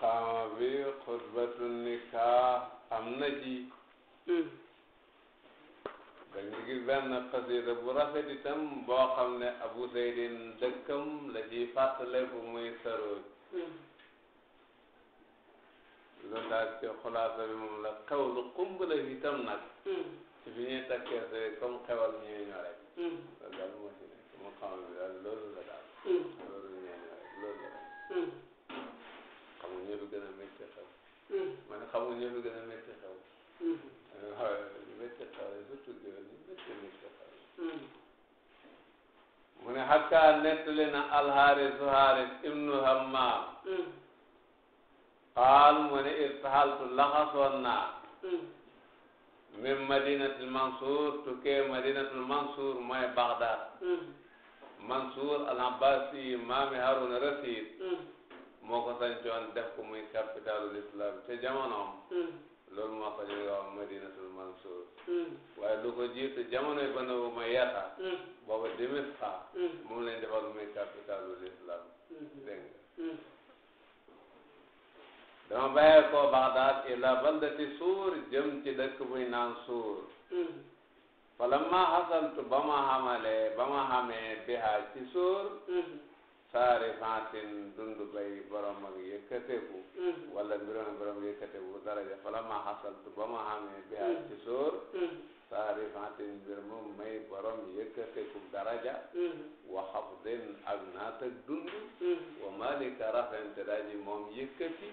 qaama bi xutbatu nikah am na ji hmm. dañu gis benn xasida bu rafet itam boo xam ne Abu Zaydin dëkkam la ciy fàttale bu muy sarooj loolu hmm. daal ci xulaasa bi moom la xew lu xumb la itam nag hmm. ci fi ñuy takkee see comme xewal ñuy ñore loolu daal moo ci nekk mu xam ne daal loolu la daal loolu ñuy ñore loolu la man xamuñu lu gën a métti xew. waaw lu métti xew la surtout géwél lu métti métti xew la. mu ne xataa nettali na alxaaris xaaris ibnu hammaam. qaal mu ne irtahaltu laxasoon naa. min mooy Bagdad. mansour al abbasi maami haruna rasid moo ko sancoon def ko muy capitalu l'islam te jamonoom mm. loolu moo ko ñu nga wax madinatul mansour mm. waaye lu ko jiitu jamonoy bana bu ma yata booba demis xa mm. moom lañ defal muy capitalu l'islam mm-hmm. dégg nga dama bàyyee koo baxdaat ila baldati suur jëm ci dëkk buy naan suur falamma hasaltu ba ma xamalee ba ma xamee bihaa ci saari fantin dundu bay borom ak yëkkateeku mm-hmm. wala mbiroon borom yëkkateeku daraja fala ma xasaltu ba bi haa ci sóor mm-hmm. mbir moom may borom yëkkateeku daraja mm-hmm. wa xafdin ak naat ak dundu wa malika rafente daji moom yëkkati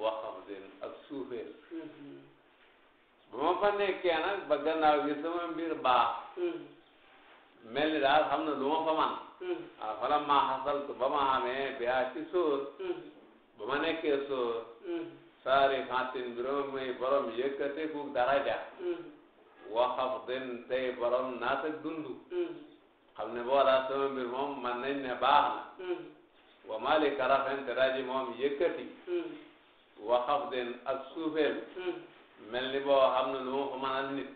wa xafdin ak suufeel ba ma fa nekkee nag ba gannaaw gi sama daal xam na lu ma fa ah fala ma xasaltu ba ma amee bi a ci suur ba ma nekkee suur saari fantin biroom muy borom yëkkateeku daraja waxaf den tey borom naata dundu xam ne boolaa sama mbir moom man nañ ne baax na wa karafen te daji moom yëkkati waxaf den ak suufeel mel ni boo xam ne lu ma fa mënal nit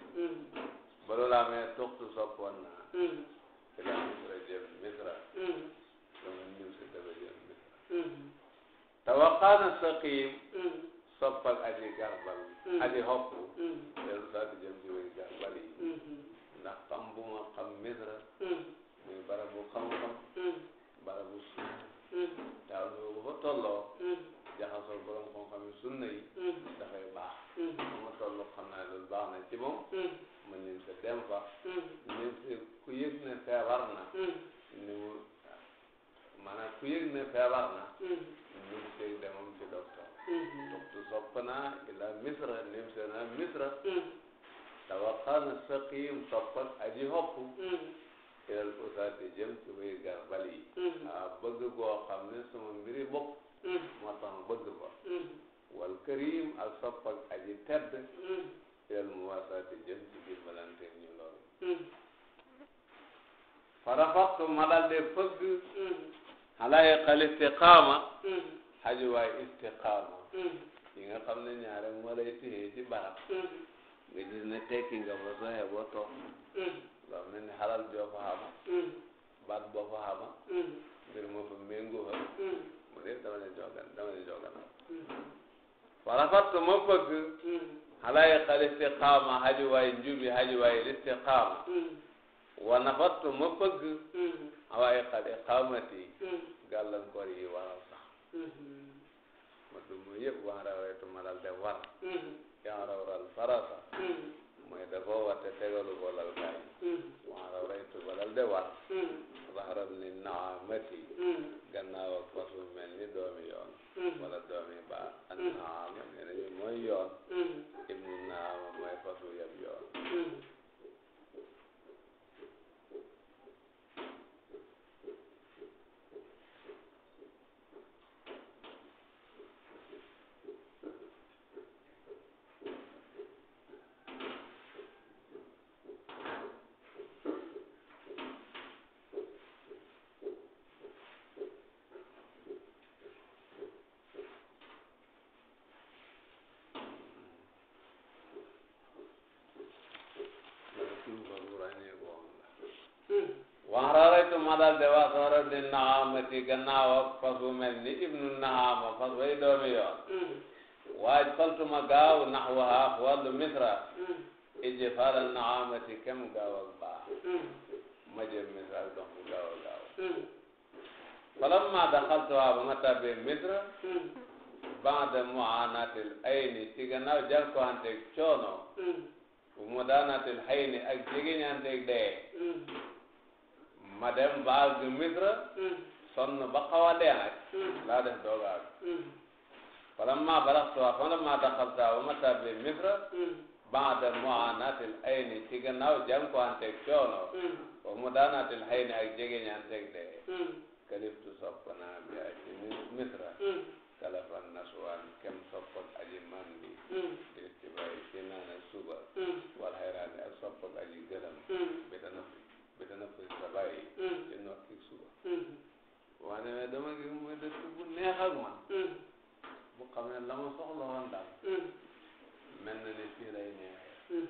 ba loolu amee tuxtu soppoon naa misra dama mm-hmm. ñëw si dama jël misra mm-hmm. tawaqaana saqim mm-hmm. soppal aji garbal aji hopp di jëm ci wéy garbal yi ndax xam bu ma xam barabu xam-xam barabu sunna daaw lu ko fa tolloo jaxasoo borom xam-xam yi sunna yi dafay baax bu na ci moom ma nim sa dem fa nim sa ku yëg ne feebar ni mu maanaam ku yëg ne feebar na ni mu teg demam ci docteur waxtu sopp naa ila misra nim se na misra tawaqaana saqim soppak aji hopp ilal usaati jëm ci way garbal yi a bëgg goo xam ne mbiri bopp moo tax ma bëgg ko wal karim ak soppak aji tedd ilal muwasaati jëm ci biir balante ñu farafaxtu ma daal de fëgg xalaayiqal mm-hmm. mm-hmm. istiqaama xajuwaay mm-hmm. istiqaama yi nga xam ne ñaare moo lay téye ci barab nga gis ne wa nafattu ma bëgg. Mm-hmm. waaye xale xaamati. Mm-hmm. gàllankoor yi waral sax. Mm-hmm. ma dugg yëpp waan rawetu ma dal de war. yaa rawral farasa. mooy dafa wate tegalu bolal kay. waan rawetu ma dal de war. zahram ni naamati. gannaaw ak fasu mel wala doomi baar. an naama nee nañu mooy ma dal de wax soro di naxaamati gannaaw ak fas bu mel ni ibnu naxaama fas way doomi yoon hmm. waaj faltuma gaaw nax waxaa wàllu misra hmm. iji faral naxaamati kem gaaw ak baax hmm. ma jëm misra ak dox bu gaaw gaaw falamma daxaltuha ba ma tabbee misra ba'da mu'aanatil ayni ci gannaaw jànkuwanteeg coono bu mu daanatil xayni ak jegeñanteeg dee ma dem ba àgg Misra hmm. sonn ba xaw a dee nag hmm. laa def doog a hmm. àgg falammaa balaxtu falammaa daxaltu wa ma tàbbee Misra baada muaanatil ayni ci gannaaw jànkuwanteeg coono wa mudaanatil hayni ak jegeñanteeg dee kaliftu sopp naa bi ay ci Misra kalafan naswan kem soppak aji mandi di ci bàyyi ci naana suba wal hayraani ak soppak aji gëlëm bi dana bi dana koy sabar yi ci noor ci suba waane mais dama gis muy dëkk bu neex ak man bu xam ne la ma soxla woon daal mel na ne fii lay neexee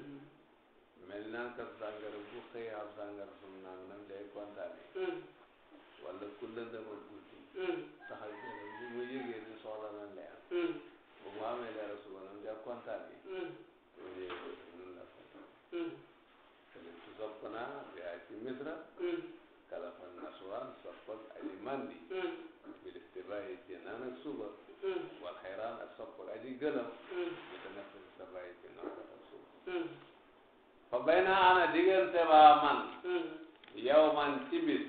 mel naan kat sàngara bu xëy am sàngara sum naan nam day kontaane wala ku lëndamal guddi taxal jële bu ma yëgee ni soxla na leer bu mu amee leer suba nam day kontaane bu ma yëgee noonu la kontaane sopp naa bi yaa ci kalafan naswaan sopp ak aji mandi bi listibaayi ci naan ak suba wal ak sopp aji gëlëm bi tanafus sa bàyyi ci noonu ak suba fa bay naa ana diggante ba man mm. yow man ci bis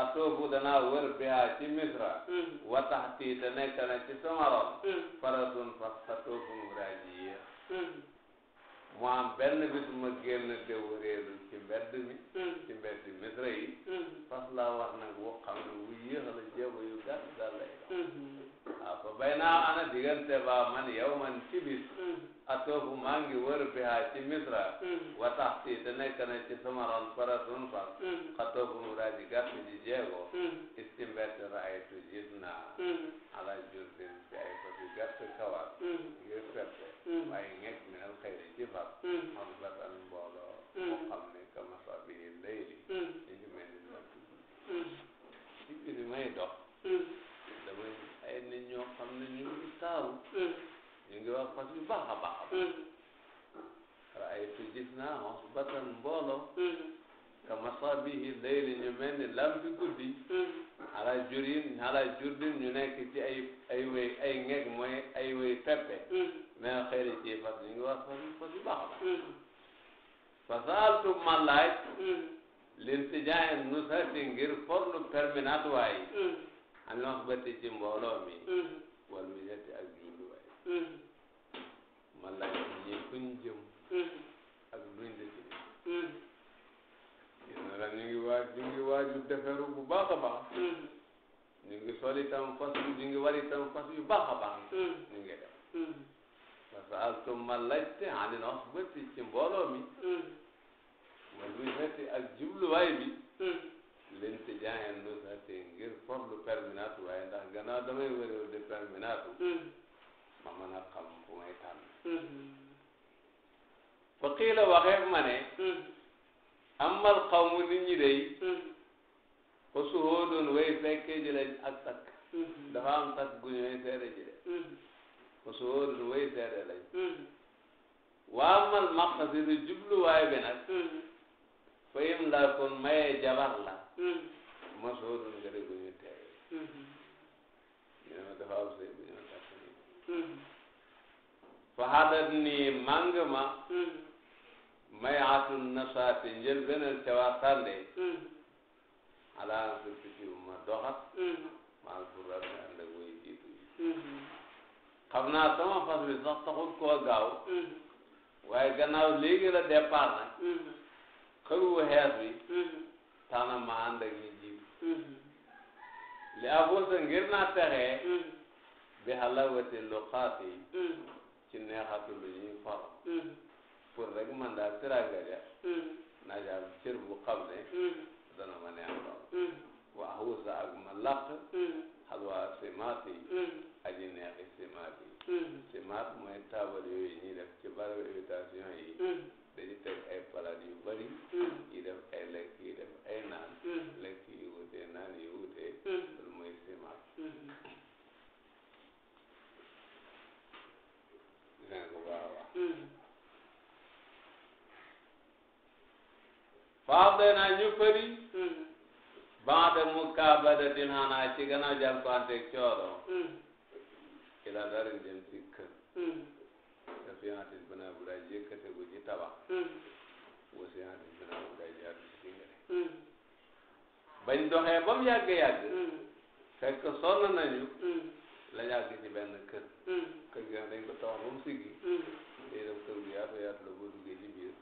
atoobu danaa wër biha ci misra wa taxti te nekk na ci sama ron faratun fas atoobu mu raaji mu am benn bis ma génn te wëreelu ci mbedd mi mm. ci mbedd misra yi mm. nag woo xam ne wu yéex la jéego yu gàtt daal lay dox mm-hmm. waaw fa bay naa ana diggante ba man yow man ci bis mm-hmm. atoobu maa ngi wër bi ha ci misra mm-hmm. wa taxti te nekk na ci sama ron para sun fam mm-hmm. atoobu mu daa ji gàtt ji jeego istimbett raaytu gis naa ala jurdin bi ay ko fi gàtt kawar mm-hmm. ngir perte waaye ngekk minal xëyri ci fam xam bat an mbooloo mu xam ne kama sabi leyli ñu ngi mel ni lënt ci bi may dox damay ay nit ñoo xam ne ñu ngi taaru ñu ngi wax fas yu baax a baax a baax raaytu gis naa osbatan mbooloo ka masabihi layli ñu mel ni lampi guddi ala jurin ala jurdin ñu nekk ci ay ay way ay ngeg mooy ay way peppe mais xëyri ci fas ñu ngi wax fas yu fas yu baax a baax fasaaltu ma laaj lintijaayen nusati ngir forlu permanent waayi an osbati ci mbooloo mi wal mijati ak julluwaay ma laaj ñi fuñ jëm mm-hmm. ak luñ décidé mm-hmm. gis na la ñu ngi waaj ñu ngi waaju deferu bu baax a baax mm-hmm. ñu ngi sol itam fas ñu ngi war itam fas yu baax a baax ñu ngi def parce que al tum ma laajte anil osbati ci mbooloo mi wal muy xeeti wa jubluwaay bi leen ci jaaxeen lu sax te ngir for lu perminaatu waaye ndax gannaaw damay wëréw di perminaatu ma mën a xam fu may tànn mm-hmm. fa qiila waxeef ma ne mm-hmm. amal xawmu nit ñi day mm-hmm. fa suhóodun ji lañ ak takk dafa am takk gu ñooy seede ji de fa suhóodun way seede lañ waa amal maqasidu jubluwaay bi nag fa yim laa kon jabar la ma suhóodun nga de gu ñu teewee ñu ne ma dafa am sëy fa hadat ni mang ma may atun nasaati njël beneen ca waxtaande ala su ci ma doxat maa ngi pour rafet ànd ak way jiitu xam naa sama fas bi sax taxul koo gaaw waaye gannaaw léegi la départ nag xëru xees bi tax na li aboosa ngir naa texee bi halawati luqaati mm. ci neexatu lu ñuy far mm. pour rek man daal tiraanga ja mm. naa ci am cër bu xam ne dana ma neex lool waa xuusa ak ma làq xalwaa simaat yi aji neexi simaat yi simaat mooy taabal yooyu ñuy def ci barabu invitation yi dañu teg ay palaat yu bari yi def ay lekk yi def ay naan lekk yu wutee naan yu wutee loolu mooy simaat faax day naa ñu fëri mm-hmm. bante mu kaaba da dinaanaa ci gannaaw jàppanteeg coono mm-hmm. ila darin jëm ci kër mm-hmm. te fiyantin bina bu day yëkkate bu ci tabax wa siyantin bina bu day jaatu ci dingale bañ doxee ba mu yàgg-yàgg fekk sonn nañu la ñàgg ci benn kër kër gi dañ ko tabax ba mu siggi déedéet kër bu yaatu yaatu la boo duggee ci biir.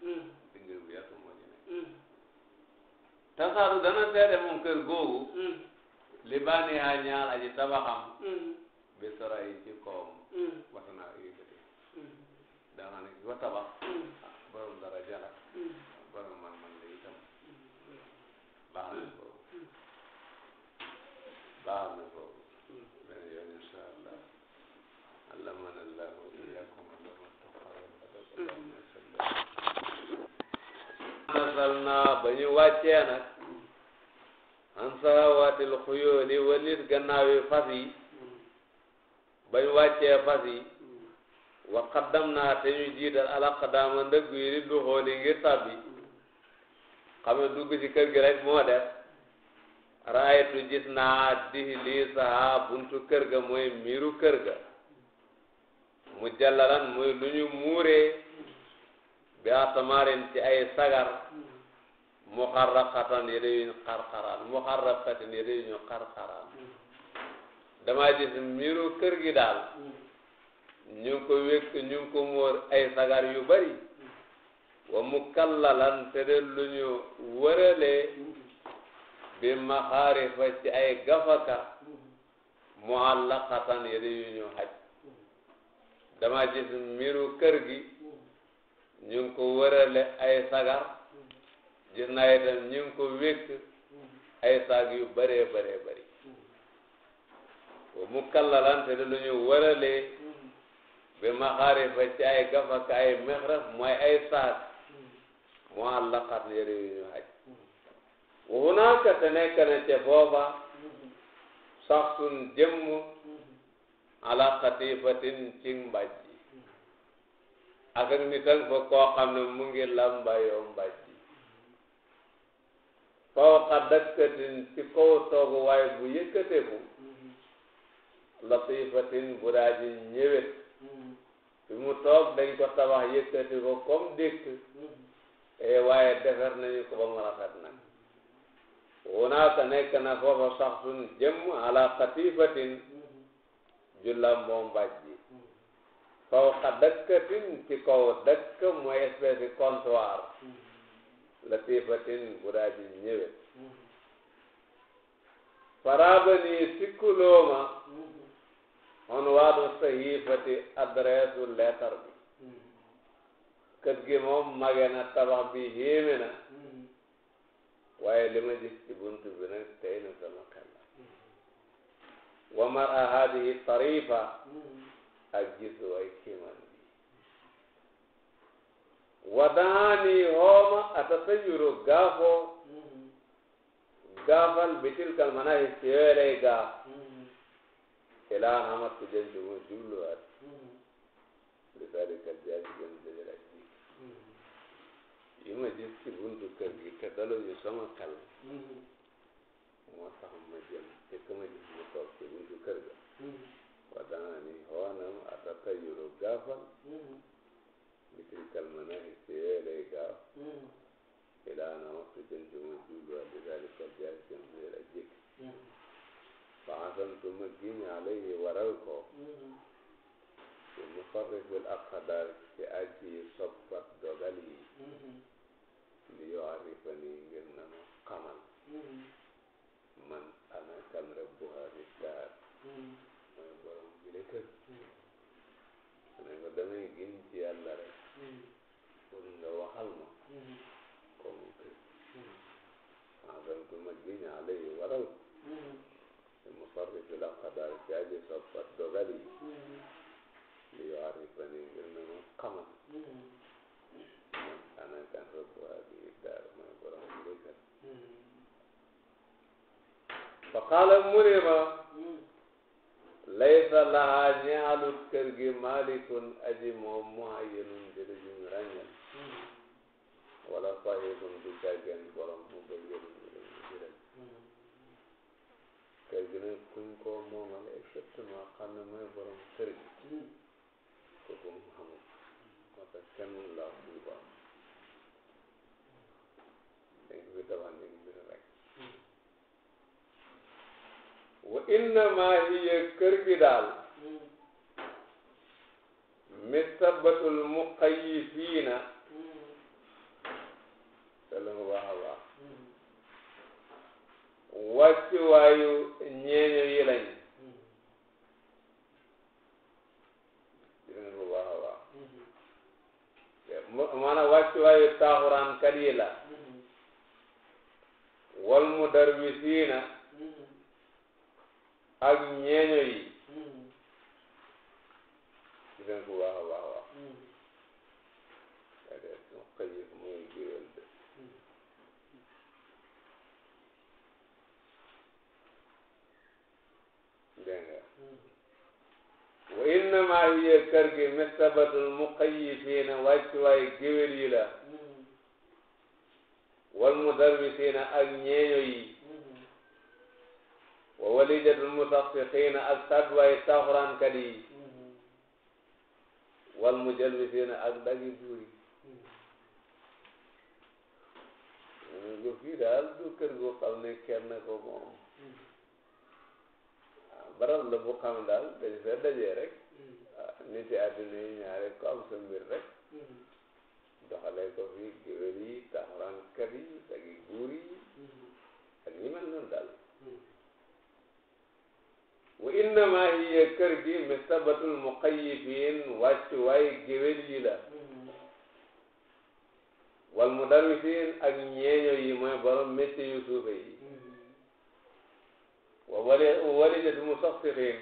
dingir bu yaatu moo ñu ne. tasaaru dana seede moom kër googu. li baani ha ñaar aji tabaxam. bi sora yi ci koom. wata naa yëkkati. daa maa man man mm. Mm. Mm. la itam. baax na foofu. baax na foofu. nasal naa ba ñu wàccee nag an sarawaatil xuyóoli walit gannaawi fas yi ba ñu wàccee fas wa qaddam te ñu jiital alaqdaama ndëgg yi li duxooli ngir tàbbi kër gi rek moo def raaytu gis dihli saha buntu kër ga mooy miiru kër ga mu jallalan mooy lu ñu muuree bi atamarin ci ay sagar muxarraqatan yére yuñ xarxaraan muxarraqatin yére yuñu xarxaraan damaa gis miiru kër gi daal ñu ngi ko wékk ñu ko móor ay sagar yu bari wa mukallalan te de lu ñu wëralee bi maxaarifa ci ay gafaka muallaqatan yére yuñu xaj damaa gis miiru kër gi ñu ngi ko wërale ay sagar gis naa itam ñu ko wékk ay saag yu bëree bëree bëri wa mu kallalante lu ñu wërale bi maxaarifa ci ay gafak ay mexraf mooy ay saag mu àllaqat yëre yu ñu xaj wa hunaaka te nekk na ca booba saxsun jëmm ala xatifatin ci mbàjj ak ak nit ak ba koo xam ne mu ngi làmbayoo mbàjj faw xa dakkatin ci kaw toogu waaye bu yëkkateku latifatin bu daa ji ñëwét bi mu toog dañ ko tabax yëkkati ko comme dëkk e waaye defar nañu ko ba mu rafet nag wunaaka nekk na foofa sax sun jëmm ala katifatin ju làmboo mbàjj kaw xa dëkkatin ci kaw dëkk mooy espèce de comptoir mm-hmm. latifatin gudaa ji ñëwe faraba mm-hmm. nii sikkulooma mm-hmm. on waadu sahifati adresse u lettre bi kër gi moom mage na tabax bi yéeme na waaye li ma gis ci buntu bi nag tey na sama xel la mar a hadihi tarifa ak gisu ay kiiman bi wadaani hooma atasayuru gaafo gaafal bitil kal manahi ci yooyu lay gaaf ilaa hamat ku jëm ci moom jubluwaat li dalika jaaj jëm dajal ak ji yi ma gis ci buntu kër gi te daluñu sama xel moo tax ma jëm te ka ma gis mu toog ci buntu kër ga wadani honam atatayuru gafal mm-hmm. mi tilkal manahis ti weele gaaf ila mm-hmm. na waktu jël juma juulwa li dalika jasim lila jik mm-hmm. faasantu ma giñ alayhi waral ko te mu farrifil aqdar ci aji soppat dogal yi li yo arifa ngir na ma xamal man ana kan rabbuha fi daar damay gin ci yàlla rek pour nga waxal ma kooku kay maadal ku ma giñ alay waral te mu sarri fi la ci aji soppat dogal yi li yo arifani ngir na ma xamal man ana kan rëbbu hadi daar mooy borom mbéykat fa qaala mu ne ma laysa lahaa ñaalut kër gi malikun aji moom muhayyinun jëli ju ñu ràññal wala sahibun du càggeen borom bu bëggeen ñu leen di jëlal kër gi nag kuñ ko moomal exactement xam ne mooy borom kër gi kooku mu xamul parce que kenn laa suñu borom dégg nga tabax ni wa innama hiya kër gi daal mistabatul muqayyifina mu baax a baax wàcci waayu ñeeño yi lañ bu baax a taaxuraan kat yi la wal mudarrisiina ak ñeeño yi mm-hmm. gis ngeen ko baax a baax a baax mm-hmm. mm-hmm. wa innama hiya kër gi mistabatul muqayyifina wàccuwaay géwél yi la wal mudarrisina ak ñeeño yi wa walijatul musaffixina ak sadwaay taxuraankat yi wal mujallisina ak dagi buur yi lu fii daal du kër goo xam ne kenn ko moom ah, barab la bu xam daal dañ fa dajee rek ah, nit yi àddina yi ñaare ko am sa mbir rek doxale ko fi géwél yi taxuraankat yi dagi buur yi ak ñi mel noonu daal wa innama hiya kër gi mistabatul muqayyifin wàccuwaay géwél yi la wal mudarrisin ak ñeeño yi mooy borom métier yu suufe yi wa wali walijatu musaffixin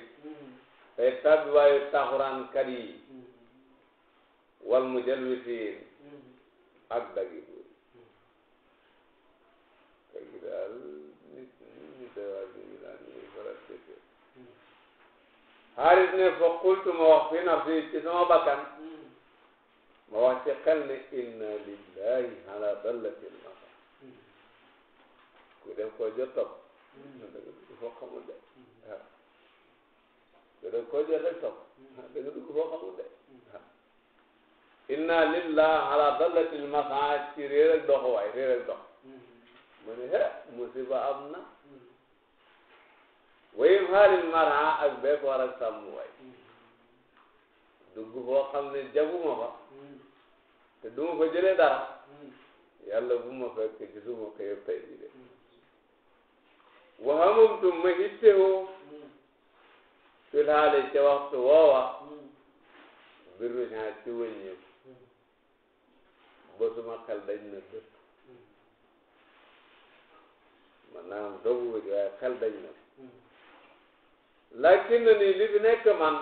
tey tàbbiwaayu taxuraan kat yi wal mujalwisin ak dagibu xaalis ne fa qultu ma wax fi nafsi ci sama bakkan ma wax ci xel ne inna lillahi ala dallatil masar ku dem koo jot topp foo xamul ku dem koo jot rek topp da nga dugg foo xamul de inna lillahi ala dallatil masar ci réer ak dox waay réer ak dox mu ne he musiba am na wéyum xaalil mara ak bépp war ak sàmm way dugg boo xam ne jaguma fa du ma fa jëlee dara yàlla bu ma fekk gisuma ko yëpp tey jii de wahamamtu ma hittewoo fil haali ca waxtu woowa biru ñaa ci wëññeeku ba suma xel dañ na dëpp maanaam dogu waaye xel dañ na lakin na ni li fi nekk man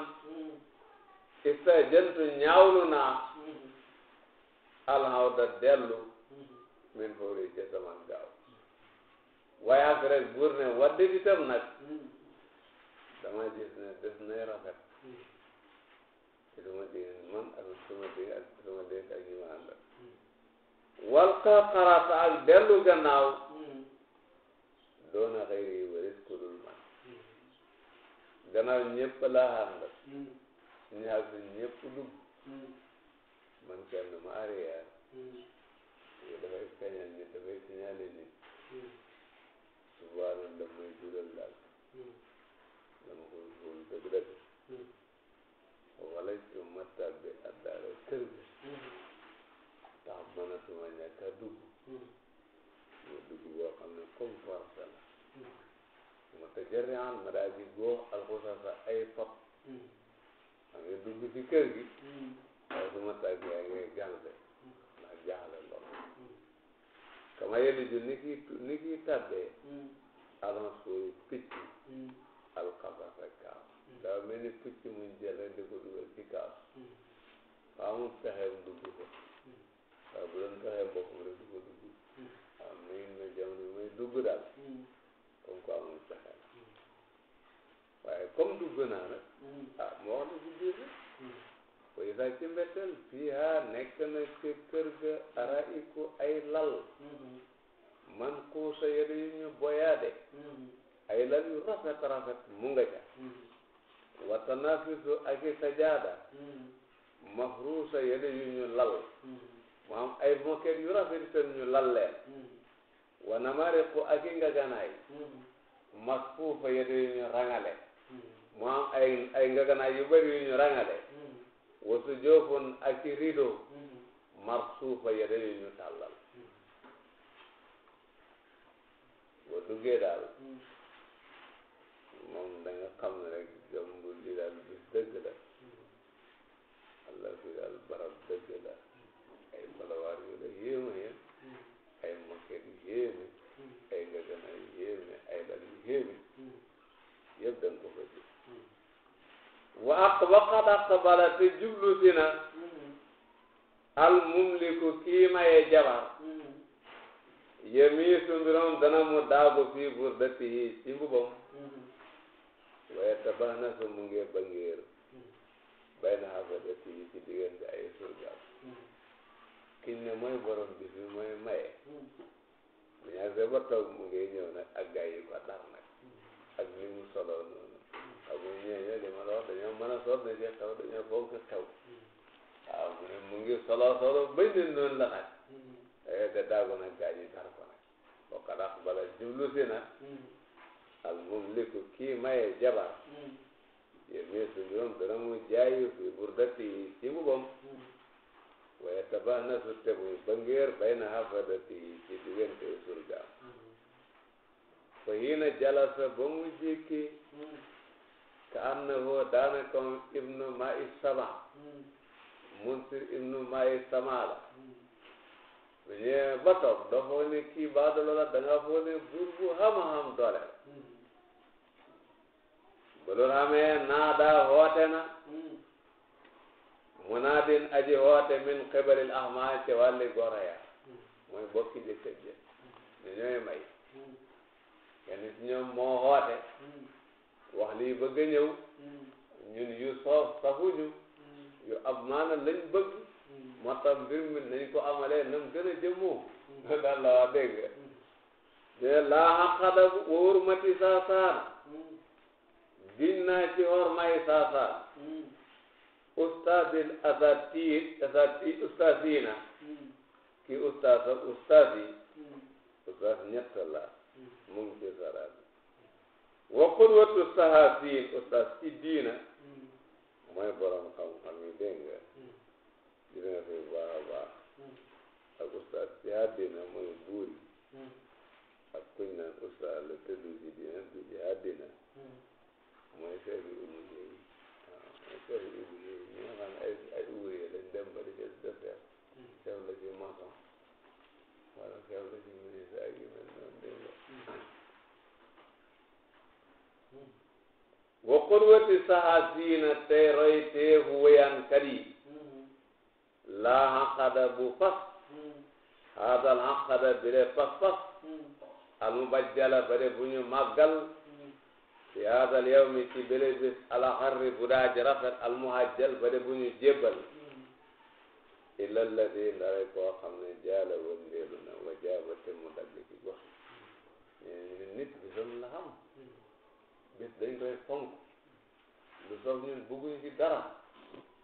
ista jëntu ñaawlu naa alhaw da dellu min fori ca saman gaaw waaye ak rek buur ne wadde nag dama gis ne des nay rafet ci lu ma dégg man ak su ma dégg ak su ma dégg ak ñu ma ànd wal ka xaraata ak dellu gannaaw doona xëyri gannaaw ñëpp laa àndal. Hmm. ñu àgg ñëpp dugg. Hmm. man kenn ma arrière. yooyu hmm. dafay kañal nit dafay signalé nit. subaana damay jural daal. dama koy góol dëgg-dëgg. wala ci ma tàbbi addaala kër gi. tax mënatuma ñàkk a dugg. ma dugg boo xam ne comme far. mutajarrian ma daal di góox alxusasa ay pot xam hmm. kër gi hmm. waaye su ma tàggee ak ngay jànde ndax hmm. jaaxle lool kama yeli ju ni ki ni ki tàbbee alance koy picc alxabasa kaaw daa mel ni picc muñ jël rek di ko dugal ci kaaw waaw mu pexeem dugg ko waaye bu doon pexeem boppam rek du ko dugg mafisu ak i sajaada mm-hmm. mahruusa yële yu ñu lal mu mm-hmm. ay moket yu rafet seen ñu lal leen mm-hmm. wa namariqu ak i ngaganaay masfuufa yële yu ñu rangale mu ay ay ngaganaay yu bëri yu ñu rangale wa sujoofun ak i rido marsuufa yële yu ñu tàllal boo duggee daal moom da nga xam ne li daal dëgg la Allah fi daal barab dëgg la ay malawaar yu la yéeme ay moket yu yéeme ay gagana yu yéeme ay lal yu yéeme yëpp da nga ko fa ji wa aqbaqat aqbala te jublu si na al mumliku kii maye jabar yemiisu mbirom dana mu daagu fii burdati yi ci mbubam waaye tabax na ko mu ngi bangeer bay na xafadati yi ci diggante ay surgaam kiñ ne mooy borom bis bi mooy maye bu ñu àggsee ba toog mu ngi ñëw nag ak gaa yi ko tax nag ak li mu solo noonu ak bu ñëwee li ma la wax dañoo mën a sol dañoo xew dañoo fonk xew waaw mu ne mu ngi solo solo bañ ne noonu la nag mm-hmm. eh, te daagu nag gaa yi tar ko nag bokk na bala jublu si nag mm-hmm. al mumliku kii maye jabar yemiisu yoon dana mu jaayu fi burdati ci bubam mm. wa yatabanasu te muy bangeer bayna hafadati ci diggante surgaam mm. fa hiina jalasa ba mu jikki mm. ka annahu daanaka ibnu ma i sama munsir ibnu ma i sama la bu ñëwee ba toog doo foog ne kii baa dolo la da nga foog ne buur bu xam-xam doole la ba loolu amee naada woote na munaadin aji woote min xibalil ahmaa ci wàlli goro mooy bokki jëkkër ja ñu ñooy may kenn ñoom moo woote wax lii bëgg a ñëw ñun yu soof safuñu yu ab maana lañ bëgg moo tax mi nañ ko amalee nam gën a jëmmoo daal la waa dégg de laa xaqada wóor mati saa saana giñ naa ci hor may saasaan hmm. ustaazil asaatiir asaatiir ustaazina hmm. ki ustaaza ustaazi hmm. ustaaz ñett la mu ngi ci saraat wa qudwatu sahaasiin ustaaz diina mooy borom xam-xam yi dégg nga dina fi baax a ak ustaaz ci àddina mooy buur ak kuñ naan ustaaz la tëddu ci diina du ci àddina mooy seetu ouvrier yi mooy seetu ouvrier yi ñi nga xam ne ay ay ouvrier lañ dem ba di jël docteur sew hmm. la ci maçon wala sew la ci hmm. Hmm. bu fas haadal xaqada bi de fas fas al mubajjala bare bu ñu màggal fi haadal yawmi ci bele bis ala xarri bu daa ji rafet al muhajjal ba de bu ñu jébbal illa alladi ndare koo xam ne jaala wëndeelu na wa jaaba te mu dagg ci gox ñun nit bisam la xam bis dañ koy fonk lu soog ñun bëgguñ ci dara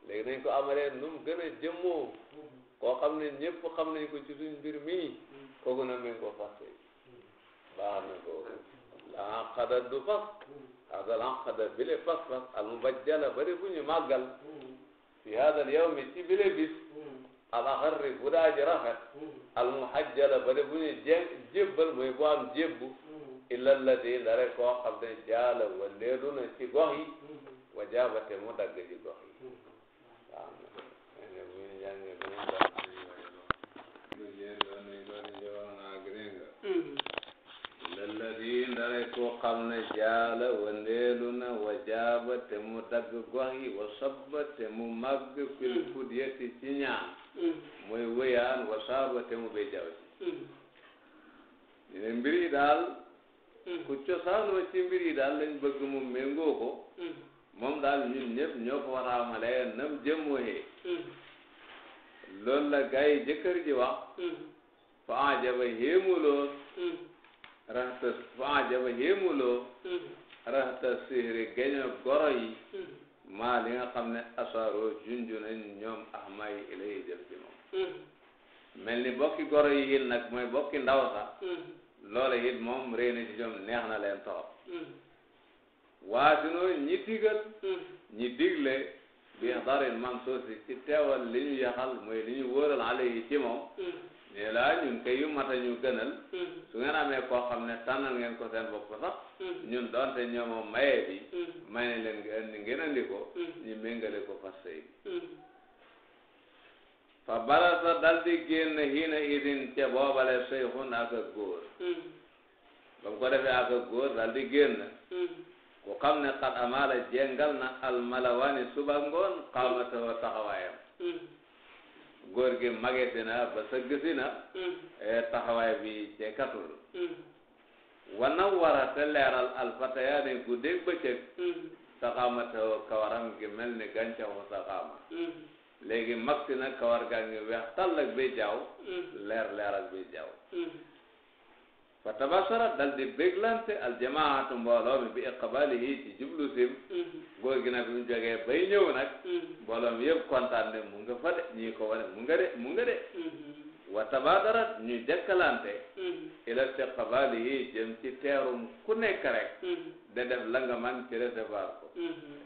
léegi nañ ko amalee nu mu gën a jëmmoo koo xam ne ñëpp xam nañ ko ci suñ mbir mii kooku na mën ko fàtte baax na ko la anqada du fas hadal anqada bile bari bu ñu màggal fi hadal yawmi ci bile bis al axarri bu daa ji rafet al bari bu ñu jé jébbal mooy bu illa alladi la rek koo xam ne jaala waleelu na ci gox yi wajaabate mu dagg ci gox ndaray koo xam ne jaala wandeelu na wa jaaba te mu dagg gox yi wa te mu màgg fil fudyati ci ñaan mm. mooy wëyaan wa saaba te mu béy jaw ci mm. ñu ne mbir daal mm. ku cosaanoo ci mbir daal lañ bëgg mu méngoo ko moom daal ñun ñëpp ñoo ko war a amalee nam jëmmohee la gars yi jëkkër ji wax fa ajaba yéemuloo raxta fan jaba yéemuloo raxta sihri gañe goro yi maa li nga xam ne asaaroo junju nañ ñoom ahma yi ilayi jëm ci moom mel ni bokki goro yi it nag mooy bokki ndaw sax loola it moom réy na ci ñoom neex na leen torop waa sinoo ñi digal ñi digle bi darin man soosi ci teewal li ñu yaxal mooy li ñu wóoral ale yi ci mais là ñun kay yu mata ñu gënal. Mm-hmm. su ngeen amee koo xam ne tànnal ngeen ko seen bopp sax. Mm-hmm. ñun donte ñoo moom maye bi. Mm-hmm. may nañ leen ñu méngale ko fas sëy bi. fa barasa dal di génn hiina idin ca boobale seyxun ak ak góor. ba ko defee ak góor dal di génn. ku xam ne xat amaala jengal na almalawani suba ngoon xaw ma taxawaayam. góor gi magete na ba sëgg si na mm. e, taxawaay bi jekkatul mm. wana wara te leeral alfataya ne guddeeg bëccëg mm. saxaama te kawaram gi mel ni gàncaxu saxaama léegi mag na kawar gaa ngi weex tàll ak bi jaaw leer leeral bi jaaw fa tabasara dal di béglante aljamaatu mbooloo mi bi iqbalihi ci jublu sim góor gi nag lu jógee ba ñëw nag mbooloo mi yëpp kontaan ne mu nga de ñii ko wane mu nga de mu nga de wa tabadarat ñu jëkkalante ila iqbalihi jëm ci teerum ku nekk rek de def la nga man ci recevoir ko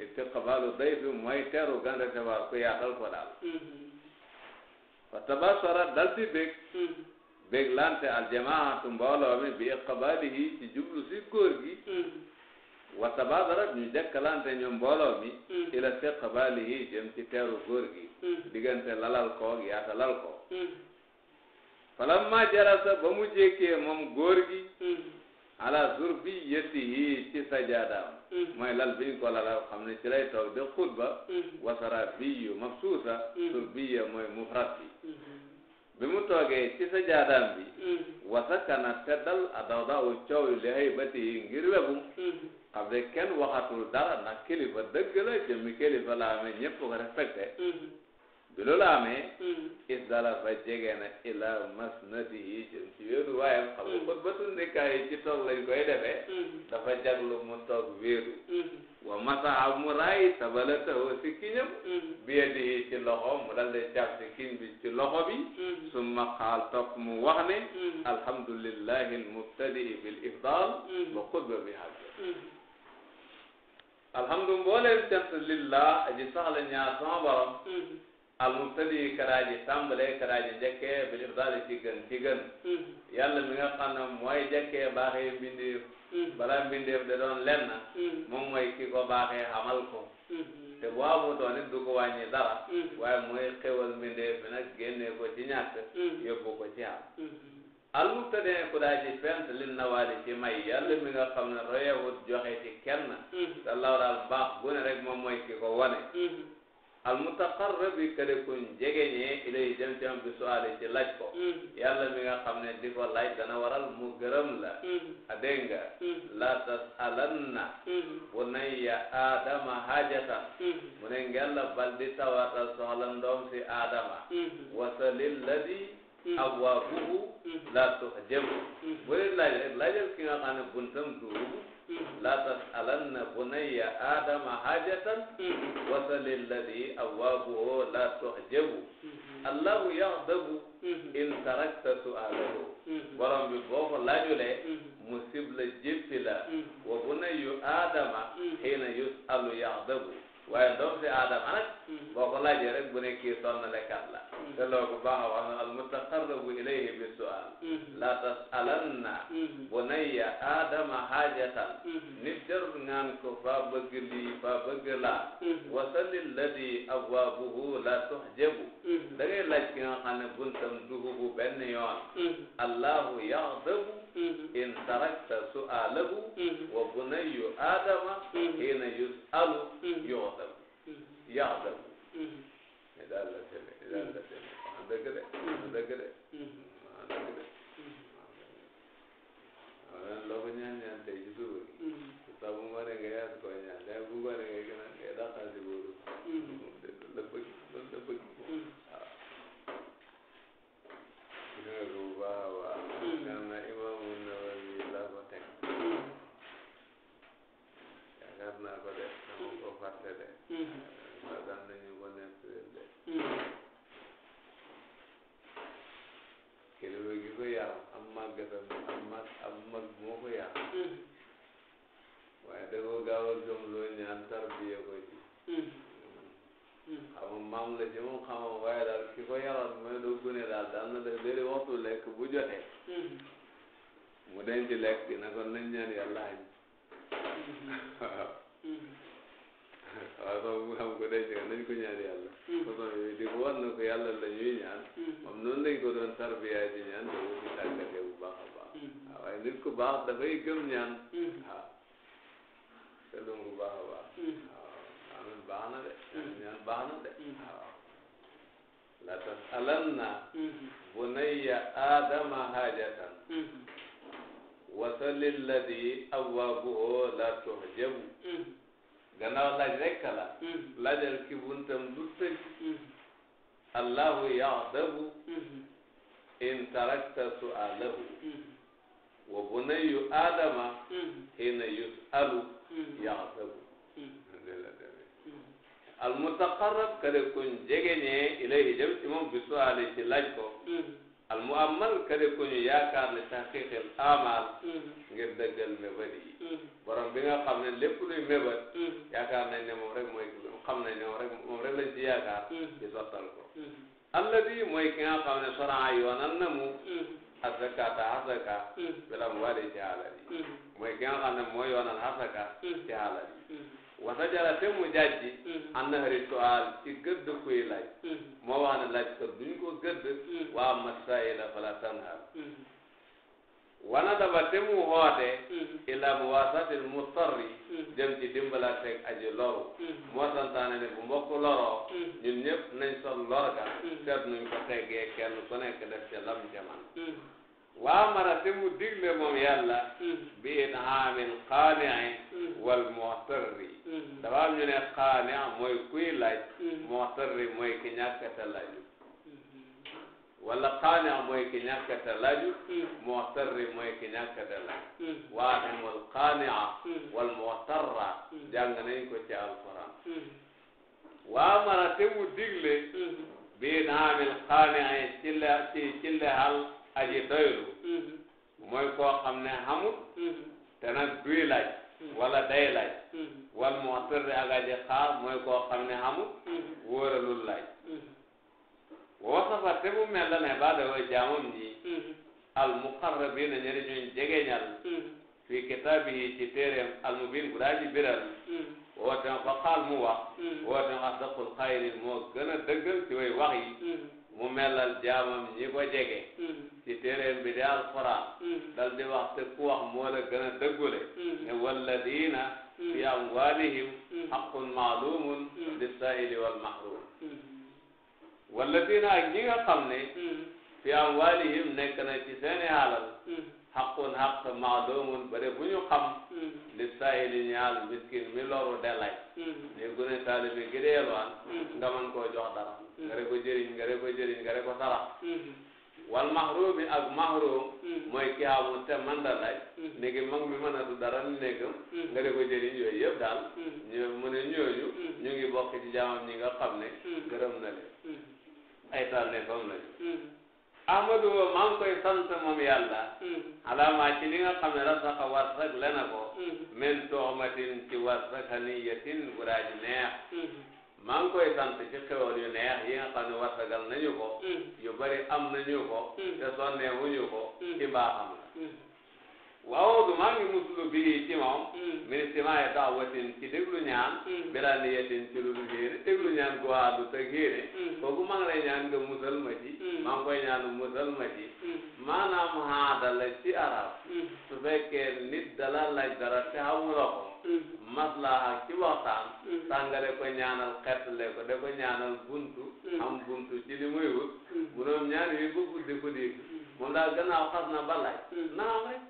iqbalu day fi mooy teeru gan recevoir ko yaatal ko daal fa tabasara dal di bég béglante aljamaatu mbooloo mi bi ci jublu si góor gi mm. wa tabaadarat ñu jëkkalante ñu mbooloo mi mm. ila iqbaalihi ci teeru góor gi mm. diggante lalal ko yaatalal ko falamma jalasa ba mu jékkee moom góor gi ala zurbiyatihi ci sajaadaam mooy lal biñ ko lalal xam ne ci lay toog di ba wasara biyu mabsuusa zurbiya mooy mufrat bi mm-hmm. bi mu toogee ci sa jaadaam bi mm-hmm. wasakana seddal a daw daawu coow li ay bati yi ngir webum xam mm-hmm. ne kenn waxatul dara nag kilifa dëgg la jëmmi la amee ñëpp ko respecté mm-hmm. bi loolu amee is dala ba jege na ila yi jëm ci wéeru waayam xam nga bët bëtu ndekkaay yi ci toog lañ koy defee dafa jaglu mu toog wéeru wa masaha mu raay sabalatahu sikkiñam bi yadihi ci loxo mu dal di jàpp sikkiñ bi ci loxo bi summa qaal topp mu wax ne alhamdulillahi almubtadii bil ifdal wa qudba bi hajja alhamdu mbooleem cant lillah aji saxla ñaar sama borom almubtadii karaaji tàmbalee karaaji jekkee bil ifdal ci gën ci gën yàlla mi nga xam ne mooy jekkee baaxee mbindeef Mm-hmm. balaa mbindeef da doon lenn mm-hmm. moom mooy ki ko baaxee xamal ko mm-hmm. te bu amutoon it du ko wàññi dara waaye mooy xewal mbindeef bi nag génne ko ci ñàkk yóbbu ko ci am al muqtadee ku daa ci pent lin nawaali ci may yàlla mi nga xam ne royewut joxe ci kenn te law daal baax gune rek moom mooy ki ko wane al mutaqarrabi kade kuñ jegeñee ilay jëm jëm bi suwaali ci laaj ko mm. yàlla mi nga xam ne diko ko laaj dana waral mu gërëm la mm. a mm. la tasalanna bunayya aadama haajatan mu ne ngeen la bal di tawatal soxla ndoom si aadama wasalil ladi la tuhjabu bu laaj rek ki nga xam ne buntam duuru laa tasalanna bunayya aadama haajatan wasalilladi awaabuhu laa tuxjabu allahu yaxdabu in tarakta su'aalahu borom bi boo ko laajulee mm-hmm. mu sib la jéppi la mm-hmm. wa bunayyu aadama xiina mm-hmm. yusalu yaxdabu waaye ndoom si aadama nag hmm. boo ko laajee rek bu ne kii sonnalekat la hmm. te loolu bu baax a wax na al la tasalanna hmm. bunayya aadama haajatan nit jarul ngaan ko faa bëgg lii faa bëgg laa wasali ladi la tuxjabu da ngay laaj ki nga xam ne buntam duhubu benn in tarakta su'alahu wa bunayyu adama hina yus'alu yu'dam ya'dam mi daal la teme mi daal la teme wax dëgg de wax dëgg de wax dëgg de mooy mm-hmm. daan nañu ko nettali de mm-hmm. kilifa gi ko yar am màggatam am mag am mag moo ko yar mm-hmm. waaye da ko gaaw a gëm loo ñaan tarbiya xam maam la ci moom xam waaye daal ki ko yaroon mooy doo gune daal daan na def léegi waxtu lekk bu jotee mu denc lekk dina ko nañ ñaan yàlla añ waaw xam nga xam ko day jege ko ñaan yàlla. façon hmm. yooyu la ñuy ñaan. Hmm. moom noonu doon tarbiya di ñaan te wut bu baax a baax. Hmm. waaw waaye nit ku baax dafay gëm ñaan. waaw te lu mu baax na de. ñaan baax na de. la tasalanna. bunayya aadama haajatan. la tuhjabu. gannaaw laaj rekk la mm-hmm. laajal ki buntam lu tëj mm-hmm. allahu mm-hmm. in tarakta su'alahu wa bunayyu adama hina yus'alu yaxdabu al mutaqarrab kale kuñ jegeñee ilayhi jëm ci moom bi su'aali ci laaj ko al mu amal kadi ku ñu yaakaar ne taxqiqil amal ngir dëggal mébét yi borom bi nga xam ne lépp luy mébét yaakaar nañ ne moom rek mooy xam nañ ne moom rek moom rek lañ ci yaakaar ci sottal ko alladi mooy ki nga xam ne soraa yoonal na mu asakata asaka bilam wali ci alal yi mooy ki nga xam ne moo yoonal asaka ci alal yi wasajara te mu jàjji mm-hmm. an nahari sual ci gëdd kuy laaj mm-hmm. moo wax ne laaj kat duñ ko gëdd mm-hmm. waa masaila fala tanhar wana daba te mu xoote ila muwasatil mustarri jëm ci dimbalanteeg aji loru moo santaane ne bu mbokk loroo ñun ñëpp nañ sol lorga seet nuñ ko teggee kenn ku nekk def ca lam jaman waa mara te mu digle moom yàlla mm-hmm. bi inaamin qaaniin mm-hmm. wal muxtarri mm-hmm. dafa ñu ne qaani mooy kuy laaj mooy ki ñàkkata laaju wala qaani mooy ki ñàkkata laaju muxtarri mooy ki ñàkkata laaju waatimul waa mara mu digle bi inaamin qaaniin ci la ci ci lehal aji doylu mm-hmm. mooy koo xam ne xamul mm-hmm. te nag duy laaj mm-hmm. wala day laaj wal moo tërde ak aji xaar mooy koo xam ne xamul wóoralul laaj wasafa te mu mel la ne ba da wa jaamam ñi al muqarrabina ñari ñuy jegeñal fi kitaabihi ci téeréem al mubin bu daa ji biral wooten fa xaal mu wax wooten asdaqul xayri moo gën a dëggal ci way wax yi mu melal jaamam ñi ko jege mm-hmm. ci téeréem bi di alquran mm-hmm. dal di wax te ku wax moo gën a dëggule mm-hmm. ne walladina fi amwalihim haqqun maalumun lissaili wal mahrum walladina ak ñi nga xam ne fi amwalihim nekk na ci seeni alal haqqun haqq maalumun bare bu ñu xam li saay li ñaal miskin mi loru de lay ni mm-hmm. gune taalibe gi de yelwaan mm-hmm. nga mën koo jox dara mm-hmm. nga re ko jëriñ nga re ko jëriñ nga re ko sarax wal mahrumi ak mahrum mooy ki xamu te man da lay ni ki mag mi mën a du dara ni nekkam nga re ko jëriñ yooyu yëpp daal ñu mu ne ñooñu ñu ngi bokk ci jaamam ñi nga xam ne gërëm na leen ay taal ne fam lañu Ahmadu moom maa ngi koy sant moom yàlla. Mm-hmm. alaamaa ci li nga xam ne rasaxa warsak lena ko. Mm-hmm. min toomatin ci warsak haniyatin bu raaj neex. Mm-hmm. maa ngi koy sant ci xewal yu neex yi nga xam ne warsagal nañu ko. yu bari am nañu ko. te sonnee wuñu ko. ci baaxam la. waaw du maa ngi muslu bii ci moom. Mm. ministre maa ngi tax watin ci déglu ñaan. Mm. bilaa niyatin ci lu dul yéene déglu ñaan gu waa du tëg yéene. Mm. kooku maa ngi lay ma ci. maa ngi koy ñaan musal ma ci. maanaam la ci arab. su nit dala laaj dara te xamuloo ko. maslaha ci waxtaan. sàngale ko ñaanal xettale ko de ko ñaanal buntu. am buntu ci li muy wut. bu doon ñaan yi bu guddi ko dégg. moom daal gannaaw na ba laaj. naam rek.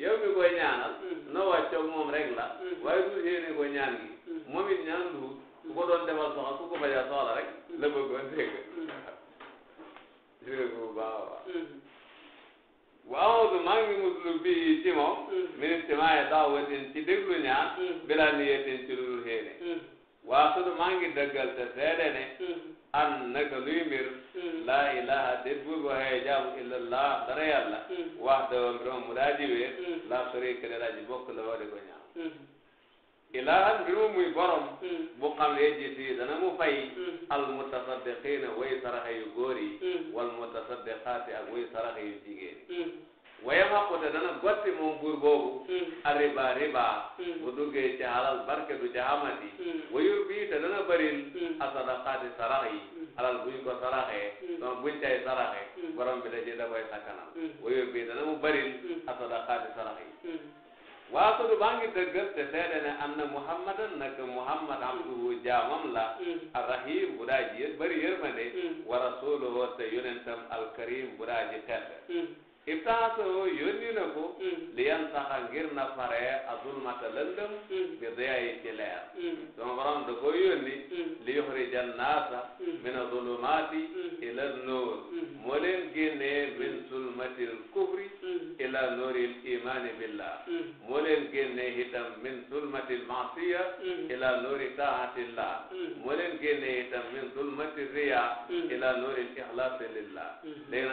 yow mi koy ñaanal mm-hmm. na wàccoog moom rek la mm-hmm. waaye du yéene ko ñaan gi mm-hmm. moom it ñaan luut ku ko doon defal soxla ku ko baña soxla rek la bëggoon dégg jërëjëf bu baax a baax waaw du maa ngi muslu bii ci moom ministre maa ngi daawatin ci déglu ñaan bilaa niyetin ci lu dul xéene waaw su du maa ngi dëggal te seede ne an naka luy mbir laa ilaha déet buur ba xëye jaamu illallah dara yàlla wax dawa mbirom mu daa jiwee laa sharika lahu daa ji bokk la woo di ko ñaaw ilahan mu muy borom bu xam ne ji sii dana mu fay al mutasaddiqina way saraxa yu góor wal mutasaddiqaati ak way saraxa yu jigéen yi waaye ma ko te moom buur boobu hmm. a riba riba bu hmm. duggee ci halal barke du ca amati hmm. wayu bii a sadaqaati sarax yi alal buñ ko saraxee donc buñ cay saraxee borom bi da ci da koy sakkanal wayu mu bëril a sadaqaati sarax yi waa su du baa te seede ne am na muhammadan muhammad abduhu jaamam la arrahim bu daa ji wa rasuluhu te yonentam alkarim bu daa ji tedd ibtaasahu yónni na ko li ngir na pare azulmata lëndëm bi dayayi ci leer sama borom da ko yónni li yuxrija naasa min azulumaati ila noor moo leen génnee min zulmatil kufri ila nooril imani billah moo leen génnee itam min zulmatil maasiya ila noori taahatillah moo leen génnee itam min zulmatil riya ila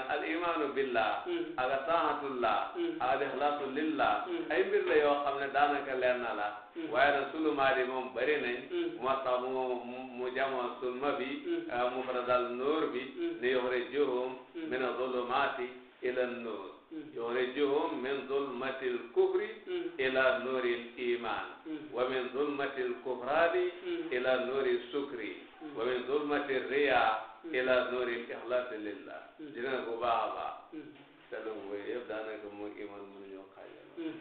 al imaanu billah aga taatullah hmm. aga ixlaasu lillah hmm. ay mbir la yoo xam ne daanaka leer la hmm. waaye nag sulu maa di moom bëri mu mu jamoo sulma bi ah, mu faradal nóor bi ne yuxrijuhum min azulumaati ila nóor yuxrijuhum min zulmati alkufri ila nuuri aliman wa min zulmati alkufrani ila nuuri sukri wa min zulmati riya ila nuuri ikhlaasi lillah dina ko baax a selo booy yëpp daanaka moo iman mënuñoo xaajaloo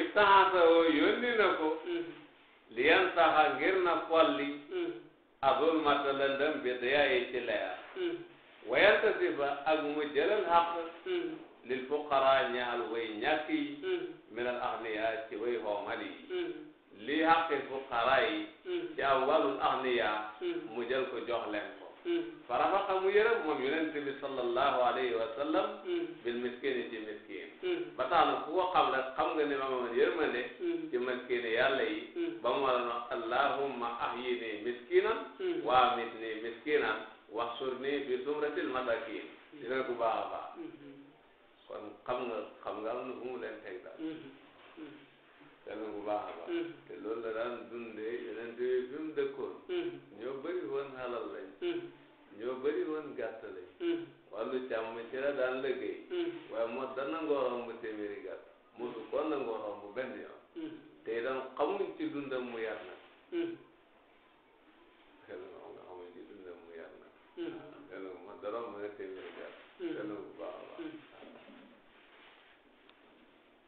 ibtaxasa oo yónni na ko mm-hmm. liyan taxa ngir na folli mm-hmm. abul mata lëndëm bi dayaay ci leer mm-hmm. wayanta si ba ak mu jëlal xaq lil fuqara ñaal way ñàkk yi minal axniya ci way xoomal yi lii xaqi fuqara yi ci awalul axniya mu jël ko jox leen Mm-hmm. farafaqa mu yërëm moom yonent bi sallallahu alayhi wa sallam mm-hmm. bil miskini ci miskin mm-hmm. ba tax na ku ko xam rek xam nga ne ma ma yërmande ci miskini yàlla yi ba mu war a no allahumma ahyini miskinan wa amitni miskinan waxsurni bi zumratil masakin dina ko baax a baax kon xam nga xam nga am na fu mu kenn ku baax a baax mm-hmm. te loolu la daan dundee yeneen bi mu dëkkoon mm-hmm. ñoo bëri woon xalal lañ mm-hmm. ñoo bëri woon gàtt lañ wàllu càmm ci la daan liggéey waaye moo dana ngoo romb téeméeri gàtt mosu kon na ngoo romb benn yoon te itam xamuñ ci dundam mu yar nag kenn ku nga xamuñ ci dundam mu yar nag kenn ku ma dara mu ne téeméeri gàtt kenn ku baax a baax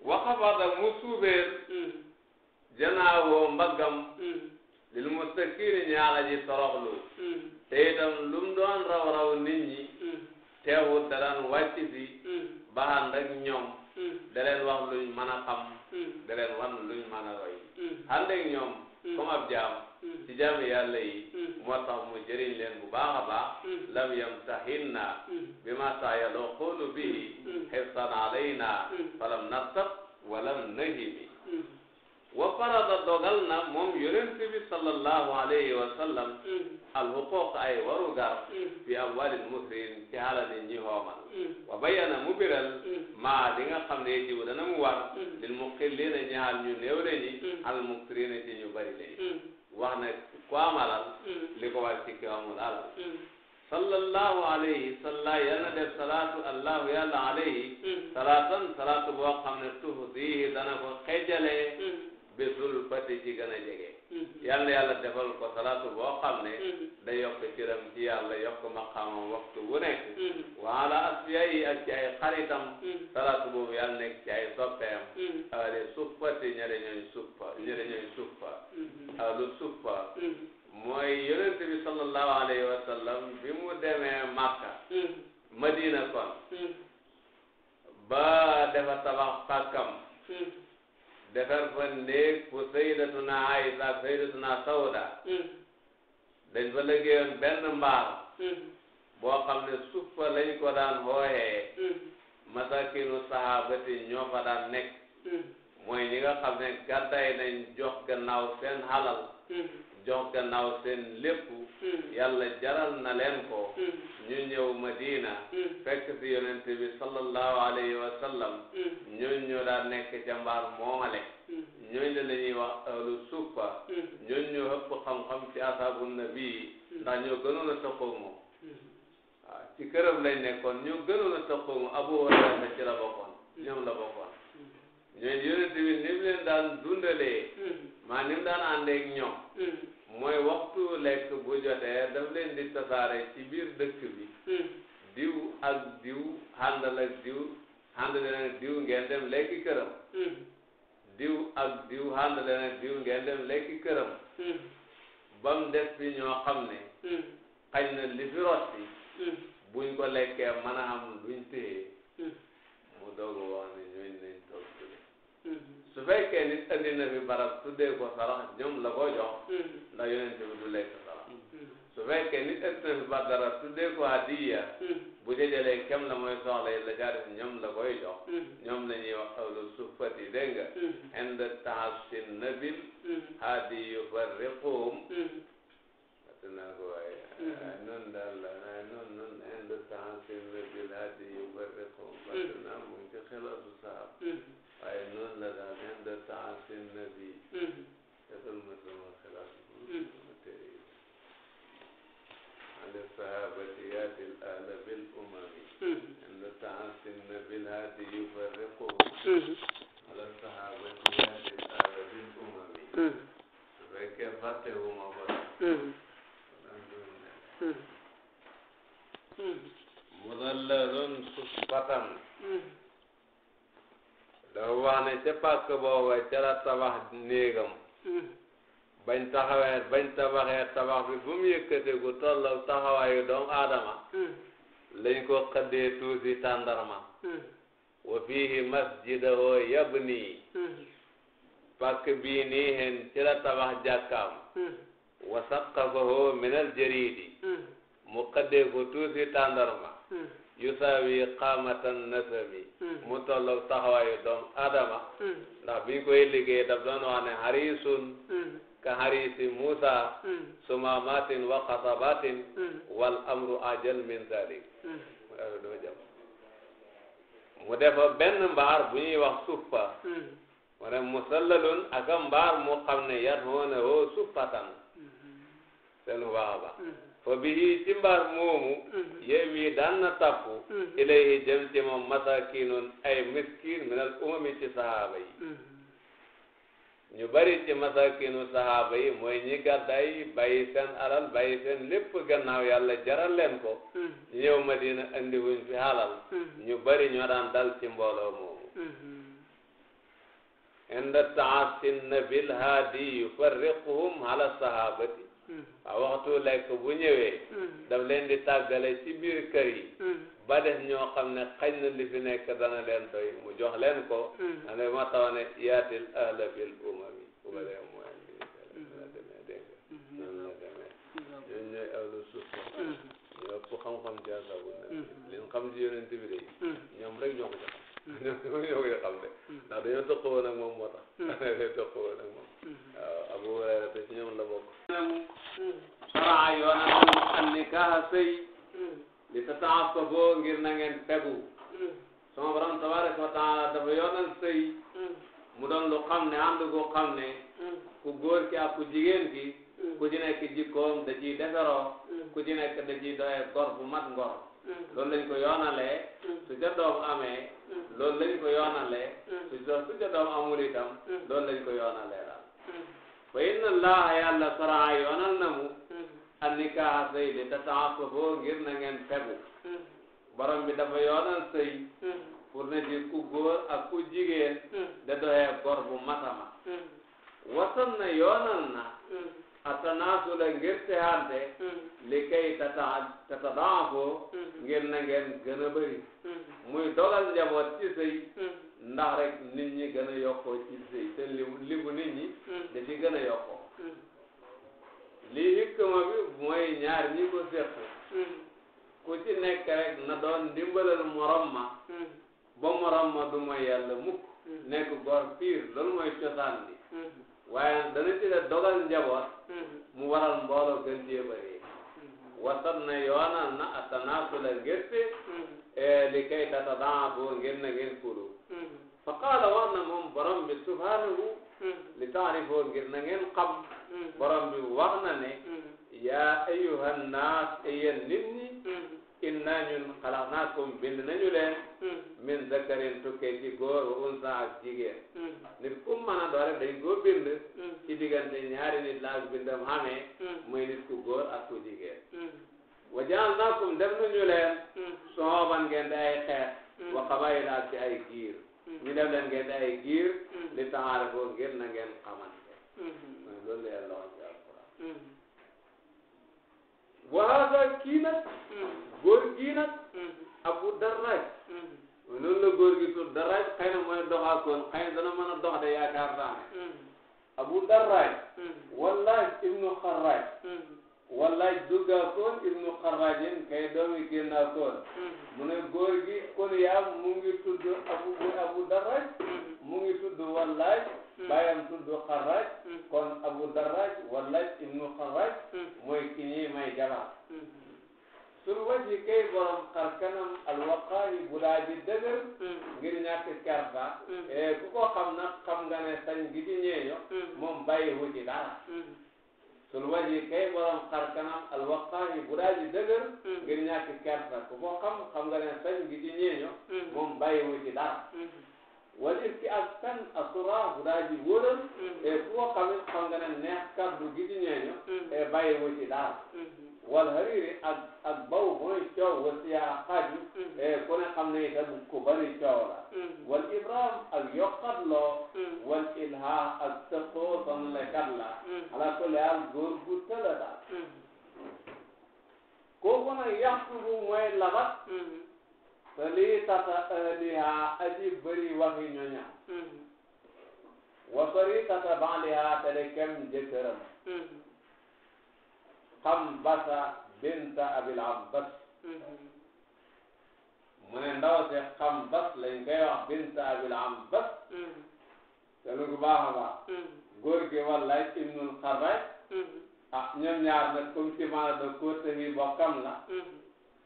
waxafada mu suubeel mm. janaawoo mbaggam mm. lil mustakiini ñaala ji toroxlu mm. te itam lu mu doon raw raw nit ñi teewut da daan wàcc si baxan rek ñoom da leen wax luñ mën a xam da luñ mën roy ànd ak ñoom comme Hmm. ci jaami yàlla yi hmm. moo tax mu jëriñ leen bu baax a baax hmm. lam yamtahinna bi ma saa yaloo xoolu bihi xifsan alayna falam nasab walam nahimi wa farada dogal na moom yonent bi sallallahu alayhi wa sallam al huquq ay warugar fi amwalil muslimin ci xaalani ñi xoomal wa bayana mu biral maa li nga ne jiw dana mu war lil muqillina ñaal ñu néew le ñi al muksirina ci ñu bari le wax ne ku am alal hmm. li ko war ci ki amul alal hmm. sallallahu alayhi salla yàlla def salaatu allahu yàlla alayhi hmm. salaatan salaatu boo xam ne tuhdihi dana ko xejalee bisul fati ci gën a jege Mm-hmm. yàlla yàlla defal ko salaatu boo xam ne mm-hmm. day yokk ciram ci yàlla yokk maqaamam waxtu wu nekk mm-hmm. waala asfiya yi ak ci ay xaritam salaatu boobu yàlla nekk ci ay soppeem awale suppa te ñere ñooy suppa ñere ñooy suppa awalu suppa mooy yonent bi sallallahu alayhi wa bi mu demee Makka Madina kon ba dafa tabax pàkkam defar fa néeg fu sayyidatuna Aysa ak sayyidatuna Sawda hmm. dañ fa liggéeyoon benn mbaar hmm. boo xam ne suuf lañ ko daan hooyee hmm. masakinu sahabati ñoo fa daan nekk mooy ñi nga xam ne gàddaay nañ jox gannaaw seen halal jox gannaaw seen lépp Hmm. yàlla jaral na leen ko hmm. ñu ñëw Madina hmm. fekk si yonent bi sallallahu alayhi wa sallam ñooñ ñoo daan nekk ca mbaar moomale ñooñ la la ñuy wax ahlu suffa ñooñ ñoo ëpp xam-xam ci asaabu nabi ndax ñoo gënoon a soxoo moom Abu Hurayra ci la bokkoon ñoom la bokkoon ñooñ yonent bi ni mu leen daan dundalee maa mooy waxtu lekk bu jotee daf leen di tasaare ci biir dëkk bi hmm. diw ak diw àndal diw ànd leen ak diw ngeen dem lekki këram hmm. diw ak diw ànd leen ak diw ngeen dem lekki këram hmm. ba mu des fi ñoo xam ne xañ na li fi rot bi buñ ko lekkee mën a am duñ téye mu doog wax ne ñooñ nañ su fekkee nit andi na fi barab tuddee ko sarax ñoom la ko jox ndax hmm. yonent bi du lekk sarax su fekkee nit andi hadiya hmm. bu jëjalee kem la mooy soxla yi la jaaris ñoom la koy jox hmm. ñoom la ñuy wax awlu suffati dégg nga inda tahasin nabil hadi yufarriquhum naa ko waaye noonu ah, daal la ah, naa noonu noonu inda tahasin nabil hadi yufarriquhum naa mu ngi ci xel asu saab waaye noonu la daal même de temps si na bi defal ma sama xalaat sama téere yi ale sahabati yaatil ala bil umami même de temps si na bil haadi yufarriqu ala sahabati yaatil ala bil umami su fekkee fàtte wu ma ko mudallarun susbatan dafa wax ne ca pàkk booba ca la tabax néegam hmm. bañ taxawee bañ tabaxee tabax bi bu mu yëkkateeku tolloo taxawaayu doomu aadama hmm. lañ ko xëddee tuuti tàndarma hmm. wa fiihi masjidahu yabni pàkk bii nii hen ci la tabax jàkkaam wa saqafahu min al mu xëddee ko tuuti tàndarma yusaawi qaamatan nasabi hmm. mu tolloog taxawaayu doomu adama hmm. ndax biñ koy liggéey daf doon wax ne harisun hmm. ka harisi musa sumamatin wa qasabatin wal amru ajal min dalik mu defa benn mbaar bu ñuy wax suppa wala musallalun aka mbaar mu xam ne yat hoona suppatan seen waaba fa bihi ci mbaar moomu mhm. yéem daan na tàpp mhm. ilayhi jëm ci moom masakinun ay miskin minal umami ci sahaaba yi mhm. ñu bari ci masakinu sahaaba yi mooy ñi gàddaay bàyyi seen alal bàyyi seen lépp gannaaw yàlla jaral leen ko ñu ñëw madina andi wuñ fi halal ñu bari ñoo daan dal ci mbooloo moomu inda taasin nabil haadi yufarriquhum ala sahabati Mm-hmm. waaw waxtu lekk bu ñëwee mm-hmm. daf leen di tàggale ci biir kër yi mm-hmm. ba def ñoo xam ne xañ na li fi nekk dana leen doy mu jox leen ko ande ma taw ne yaatil ahla bil umami ubalee mooy la demee dégg nga noonu la demee ñooñu ñooy ahlu suuf ñoo ëpp xam-xam ci asabu na liñ xam ci yonent bi de ñoom rek ñoo ko jox ñoom ñoo ñoo koy xam de mm. ndax dañoo toq woon ak moom moo tax mm. dañoo toq woon ak moom mm-hmm. waaw Abu Hurayra te ci ñoom la bokk mm. saraa yoona an nikaha sëy li tataasaboo ngir na ngeen tegu sama borom tabaraka wa taala dafa mu ne ànd gu ne ku góor ki ak ku jigéen ki ku ci nekk jikkoom da ciy deferoo ku ci nekk da ciy doyee gor bu mat ngor Mm-hmm. lool lañ ko yoonalee mm-hmm. su ca doom amee mm-hmm. loolu lañ ko yoonalee su su ca doom amul itam loolu lañ ko yoonalee daal fa inna allaha yàlla saraa yoonal na mu an nikaaha sëy li tata'assafoo ngir na ngeen fegu borom bi dafa yoonal sëy pour na ji ku góor ak ku jigéen da gor bu ma wasan na yoonal na atanaasula ngir texante hmm. li kay tata tatadaafoo hmm. ngir na ngeen gën a bëri hmm. muy dogal njaboot ci sëy ndax gën a yokkoo ci sëy li libu nit ñi da ci gën a yokkoo lii hikkama bi mooy ñaar ñi ko séq ku ci nekk rek na doon ndimbalal morom ma ba morom du mooy yàlla mukk nekk góor piir loolu mooy cosaan bi waaye dana ci njaboot hmm. mu waral mbooloo gën cee bëri hmm. wasat na yoonal na atanaasula gerte hmm. e li kay tatadaa boo ngeen na ngeen kulu fa qaala wax na moom borom bi subhanahu li taarifoo ngir na ngeen xam borom bi wax na ne yaa ayuha nnaas yéen nit ñi inna ñun xalaqnaakum bind nañu leen hmm. min zakarin tukkee ci góor wa unsa ak jigéen hmm. ku mën a doon rek dañ koo bind hmm. ci diggante ñaari nit la ak bindam xamee muy nit ku góor ak ku jigéen wa jaalnaakum def nañu leen sooban ngeen di ay xeet wa qabaa'ila ak ci ay giir ñu def leen ngeen di ay giir li taxaare foo ngir na ngeen xamante loolu la yàlla wax waasa kii nag góor gii nag abu darraj noonu la góor gi tudd darraj xëy na mooy doxaakoon xëy na dana mën a dox de yaakaar naa abu darraj wallaaj ibnu xarraj wallaaj duggaakoon ibnu xarraj yin kay doomi génnaakoon mu ne góor gi kon yaam mu ngi tudd abu abu darraj mu ngi tudd wallaaj Hmm. bàyyam tudd Xarraj hmm. kon Abu Darraj Wallaj ibnu Xarraj hmm. mooy ki may jabar sur kay borom xar kanam alwaqaayi bulaa ji dëgër ngir ñàkk kerta eh, ku ko xam nag xam nga ne sañ gi ci ñeeño moom bàyyi wu ci dara sul kay borom xar kanam alwaqaayi bulaa ji dëgër ngir ñàkk kerta ku ko xam xam nga ne sañ gi ci ñeeño moom wu ci dara wajib ci ak fen assurance daa ji wóoral e ku ko xamit ne neex kaddu gi e bàyyi wu ci daal wal hariri ak ak baw mooy coow wa siyaara xaaju e ku ne xam ne itam ku bari coow la wal ibram ak yokkatloo wal ilha ak sëppoo son lekat la ala ko leal góor gu tëla daal kooku nag yaxtu bu te lii tasa ahliha aji bëri waxi ñoñam mm-hmm. wa sori tasa baaliha te de kem jëkkëram mm-hmm. xam abil abbas mm-hmm. mu ne ndaw si xam abil abbas te lu ko baax a baax góor gi wallaay ibnul xarraj ah ñoom ñaar nag comme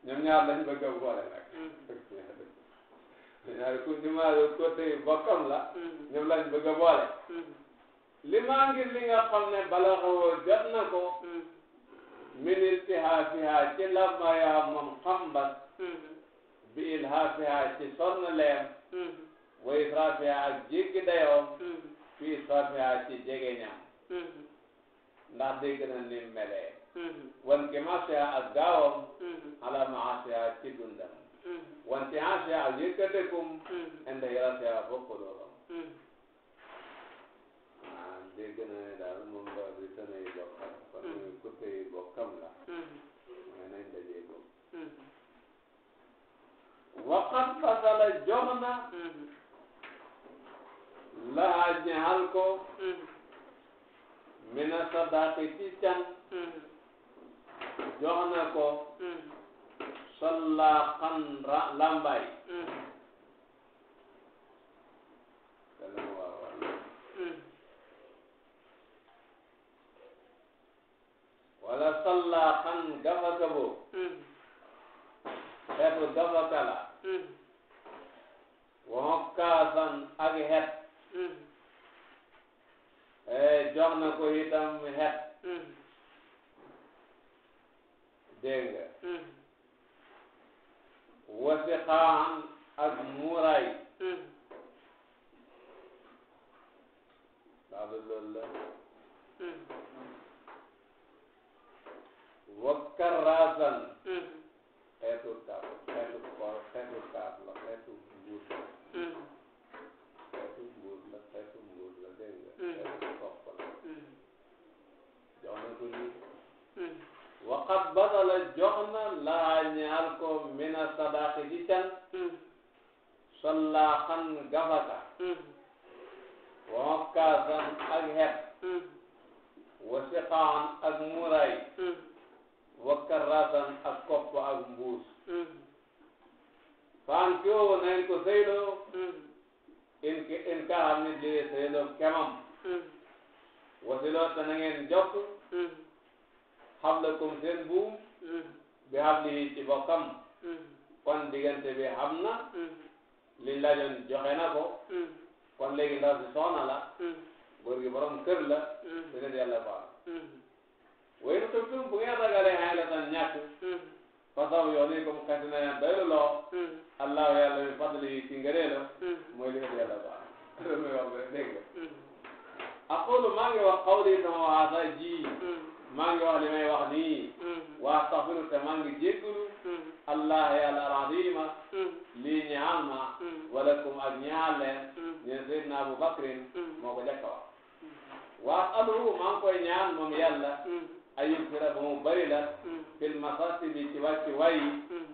ñoom ñaar lañ bëgg a boole nag mm-hmm. ñaari ku ñu maa la mm-hmm. ñoom lañ bëgg a boole mm-hmm. li maa ngi li nga xam bala xawoo jot na ko min iltihafiha ci lamaya moom xambal bi ilhafiha ci sonn leem wa israfiha ak jéggi dayoom fi israfiha ci jege ñam ndax dégg na ni melee wan ki ma seex ak gaawam ala ma seex ci dundam mm-hmm. wan ci a seex ak yëkkatekum mm-hmm. ende yàlla seex bokk loolom mm-hmm. ah dégg na ne daal moom ba bi tane yi bokkam kon ku tey bokkam la mooy nañ dajee bokk waqat fasala jox na laa ñaxal ko mina sadaqi ci can jox na ko solla xan lambay wala solla xan gafaka bo hmm. xeetu gafaka la hmm. waxokkaasan ak xet hmm. eh, jox na ko itam xet dégg nga hmm. wasiqaan ak muuraay laalu hmm. loolu la hmm. wakkaraasan xeetu kaaf xeetu koor xeetu kaaf la xeetu nguur la xeetu nguur la xeetu nguur la dégg nga xeetu kopp la jox na ko nii waqat badala jox na laa ko mina sadaqi ci can sollaa xan gafaka wa mokkaasan ak xet wa siqaan ak muray wa karrasan ak kopp ak mbuus faan kiwo nañ ko saydoo in in kaa xam ne jëlee kemam wasiloo ta na ngeen jokk xablakum seen buum mm-hmm. bi xablihi ci bokkam mm-hmm. kon diggante bi xam na mm-hmm. liñ laajoon joxe na ko kon léegi ndaw si soxna la góor gi borom kër la te ne yàlla baal wéy nu tubtum bu ngeen ragalee xay la tan ñàkk fasaw yoon yi comme xet na leen doylu loo allah yàlla mi fadli yi ci ngëree la mooy li yàlla baal loolu mooy wax rek dégg nga aqulu maa ngi wax xawli sama waasa ji maa ngi wax li may wax nii. Mhm. waa safiru te maa ngi jéggalu. Mhm. allah yàlla alazima. Mhm. lii ñaal ma. wala kum ak ñaal leen. ñeen Seydina Abu Bakrin. moo ko jëkk a wax. waa aluhu ngi koy ñaan ayub fira ba mu bari la. fil ci wàcci wayi.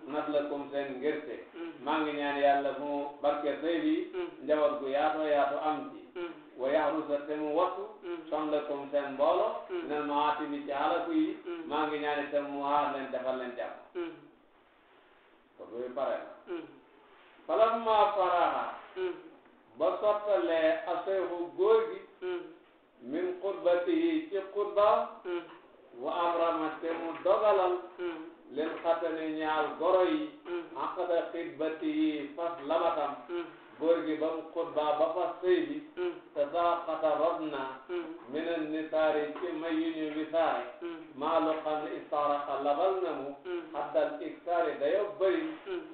nat kum seen ngerte. maa ngi ñaan yàlla mu barke sëy bi. njaboot gu yaatoo yaatoo am ci. wa yaxrusa te soxlakum seen mbooloo. ne maa ci biir ci yi. maa ngi ñaan itam mu aar leen defal leen jàmm. kooku bi pare la. falam maa faraha. ba sottalee aseefu góor gi. min qurbatihi ci qurba. wa amrama te mu dogalal. leen xatani ñaal goro yi. xaqada xidbatihi fas labatam. góor gi ba mu xutba ba fa sëy bi mm. te saa xatarob naa mm. minan nisaari ci may yu ñu wisaare mm. maa lu xam ne istaaraxa na mu xaddal iksaari dayo bëri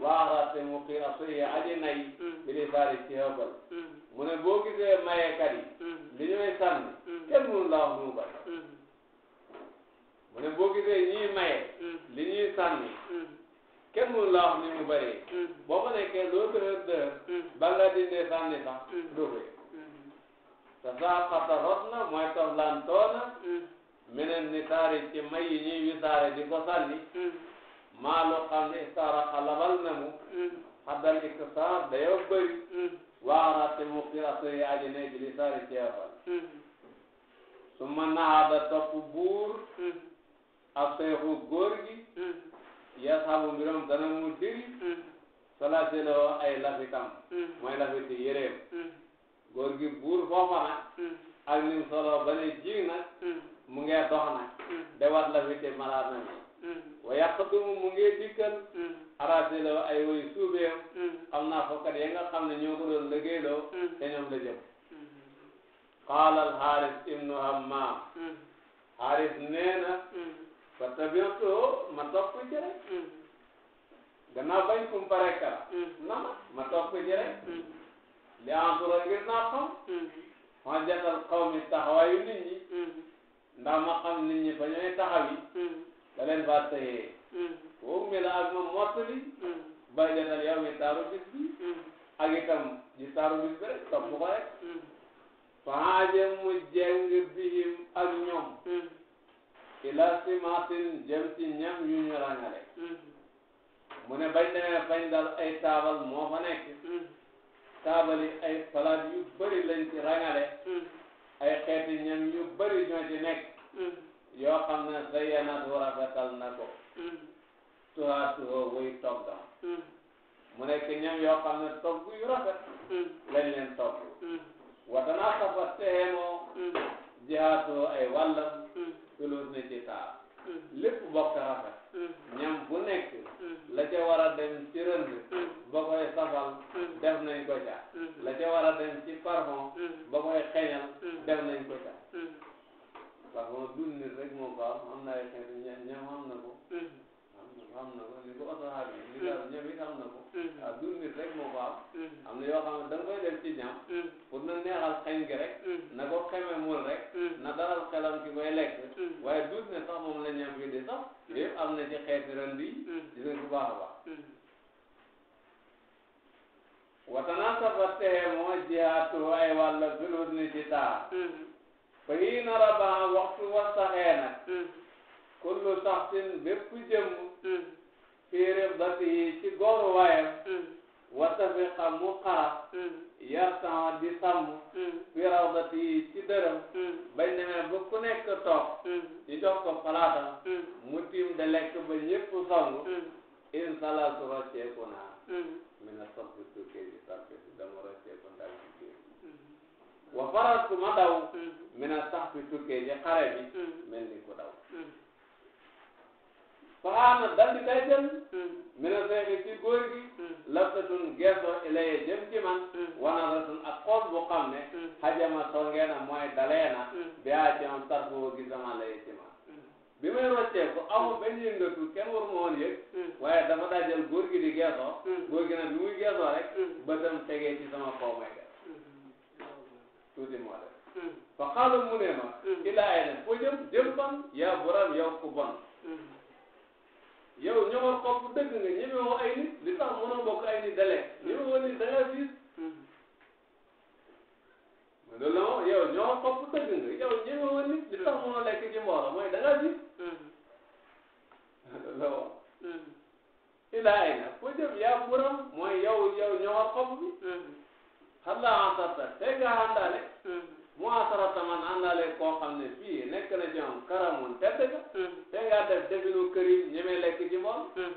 waaraate mu xii asoyi aji nay bi lisaari ci hëbal mu ne boo gisee mayekat yi li ñuy sànni kenn mënu laa wax mu bëri mu ne boo gisee maye li ñuy sànni kenn mënu laa wax ni mu bëri mm. boo ko nekkee loo dëhër dëhër mm. ba nga dindee sànni sax mm. doo ko yëg te saa xata rot na mooy toflantoona meneen ni saari ci may yi ñuy wisaare di ko sànni maa loo xam ne saara xalabal na mu xaddal iktisaar dayoo bëri waaraate mu xiraatu ne ji li saari ci yafal su ma naada topp buur ak seexu yasaabu mbiram dana mu diri mm. salaate la woo ay lafitam mm. mooy lafiti yéreem mm. góor gi buur foofa nag ak nim solo ba ne ji nag mu ngee dox nag de wat lafiti ay woy suubeem xam naa fokkat ya nga xam ne ñoo ko doon liggéeyloo te ñoom la ibnu Hammaam Haaris nee na fa tabiatoo ma topp ci rek gannaaw bañ kumpa rek kala mm-hmm. nama ma topp ci rek li antura ngir naa xam mm-hmm. ma jatal xaw mi taxawaayu nit ñi mm-hmm. ndax ma xam nit ñi fa ñooy taxaw yi da leen faa tëyee woo mi la ak ma mottali bay jatal yow mi taaru bis bi ak itam ji taaru bis bi rek topp ko rek fa haaje bihim ak ñoom ila simaatin jëm ci ñam yu ñu ràññale mm-hmm. mu ne bañ demee bañ dal ay taabal moo fa nekk mm-hmm. taabali ay palaat yu bëri lañ ci ràññale mm-hmm. ay xeeti ñam yu bëri ñoo ci nekk yoo xam ne zayanat rafetal na ko tuhaa tuhoo wuy toggam mu nekk ñam yoo xam ne togg yu rafet lañ leen togg watanaa safa tehemoo jihaatoo ay wàllam couleur ne ci taar lépp bokk rafet mm-hmm. ñam bu nekk mm-hmm. la ca war a dem ci rënd mm-hmm. ba koy safal def nañ ko ca la ca war a dem ci parfum ba koy xeñal def nañ ko ca parfum dul nit rek moo baax am na ay xeet ñam am na ko am na ko ni ko oto xaar yi li daal ñoom it na ko waaw mm. ah, du rek moo ko mm. am na yoo xam ne da nga koy def ci ñam mm. pour na neexal xeñ gi rek na ko xeme mul rek na dalal xelam ki koy lekk waaye duut ne sax moom la ñam bi di sax yëpp am na ci xeeti ren bi dina ko baax a baax watana sabat texe moo jihaatu ay wàlla filut ni ci taa fa hiina rabaa waxtu wasaxee nag kullu saxsin bépp jëmm Mm. fii ribbatihi ci góoru waayam mm. watafiqa mu xarab mm. yartan di sàmm fii rawdatihi ci dërëm bañ demee ba ku nekk toog ñu jox ko palaatam mu tiim de lekk ba ñëpp song in salatu rocceeku naa mina sabbi tukkee ji sabbi dama rocceeku ndaw ci biir wa faras ma daw mina sax bi tukkee ji xare bi mel ni ku daw faxaana dal di kay jël hmm. mina seeni ci góor gi hmm. laftatun geesoo ilaye jëm ci man hmm. wanaratun ak xool bu xam ne xajama songeena mooy daleena biyaa ci man tar boo gisama laye ci man bi may roccee ko amul benn yëngatu kenn di geesoo góor gi nag bi muy geesoo rek ci sama kaw may def tuuti moo def fa mu ne ma ilaa ay ne foo jëm jëm ban yaa buram bon yow ñëwoon kopp dëgg nga ñëwoo ay li tax mënoo bokk ay nit dalee ñëwoo nit da ngaa siis hmm. loolu la moom yow ñoo kopp dëgg nga yow ñëwoo nit li tax mënoo lekk ci mbooloo mooy da ngaa siis hmm. loolu la moom ila ay na foo jëm yaa buram mooy yow yow ñoo kopp bi xam hmm. naa en sarta tey nga àndaale mu asara taman àndalee koo xam ne fii nekk na jëm karamun tedd ga. Hmm. te ngaa def definu kër ñeme lekk ci moom. Hmm.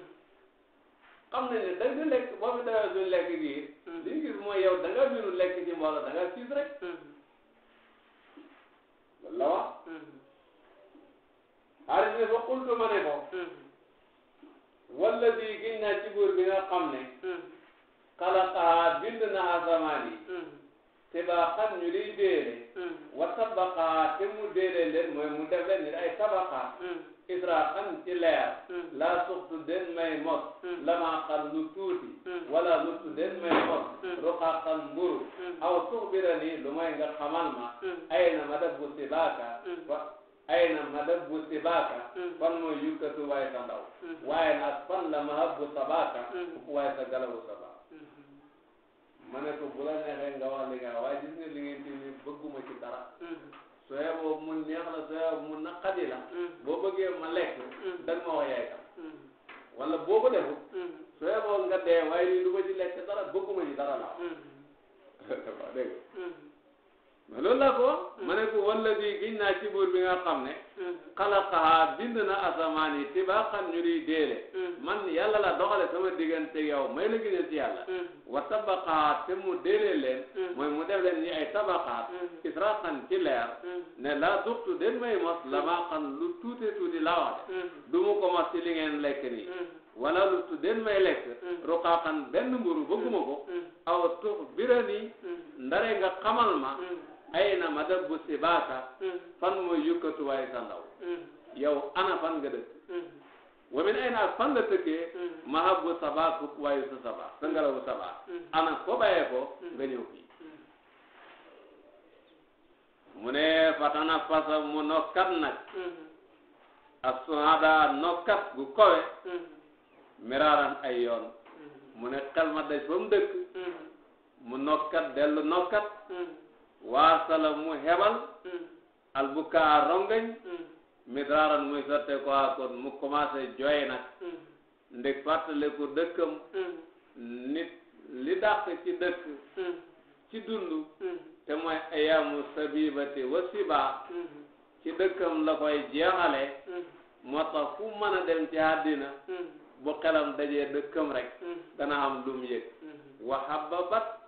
xam nañ ne dëgg lekk boo fi dawee suñu lekk gii. Hmm. li ñu gis mooy yow da nga binu lekk ci ne fa qultu ma ne ko. wala bii giñ naa bi nga xam ne. xalaqa bind na asamaan yi. sibaaxan ñu di déele wa tabaqa te mu déele leen mooy mu def leen ñu ay tabaqa hmm. israxan ci leer hmm. laa suxtu den may mos hmm. lamaxan lu tuuti wala lutu den may mos ruqaxan mburu aw tuxbirani lu may nga xamal ma ay na ma def bu sibaaka ay na ma def bu sibaaka fan mooy yukkatu waaye sa ndaw waaye nag fan la ma hab bu sabaaka waaye sa galabu sabaaka ma ne ko bu la neexee nga waaye gis nga li ngeen ci ni bëgguma ci dara mm-hmm. soo yeboo mu neex la soo yeboo mu naqadi la mm-hmm. boo bëggee ma lekk mm-hmm. dag ma wax yaay kam wala boo ko defu soo yeboo nga dee waaye lii du ma ci lekk dara bëgguma ci dara la dégg mais loolu laa ko wax hmm. ma ne ko walla bi giñ naa ci buur bi nga xam ne hmm. xalaqaha bind na asamaan yi tibaaxan ñu di déele hmm. man yàlla la doxale sama diggante yow may la gise ci yàlla wa tabaqaha te mu déele leen mooy mu def leen ñi ay tabaqaat israqan ci leer ne laa duxtu den may mos la maa lu tuute tuuti laa wax du mu ko mos ci li ngeen lekk nii wala lu tu den may lekk ruqaaxan benn mburu bëgguma ko aw tux birani ndare nga xamal ma ay na madab bu sibaata hmm. fan mooy yukkatuwaay sa ndaw hmm. yow ana fan nga dëkk hmm. wa ay na fan la tëkkee mahab bu sabaa waayu sa sabaa sa ngelawu sabaa ana ko bàyyee ko nga ñëw fii mu ne fatana fasa mu nokkat nag asuhada nokkat gu miraaran ay yoon mu ne xel ma mu dëkk mu nokkat dellu nokkat waasala mu hebal mm. albukaa rongañ mm. midraaran muy sotte ko a mu commencé jooy nag mm. ndeg fàttale ko dëkkam nit li dàq ci dëkk ci dund te mooy ayaamu sabibati wa ci dëkkam la koy jeexale moo tax fu mën a dem ci àddina bu xelam dajee dëkkam rek dana am lum yëg wa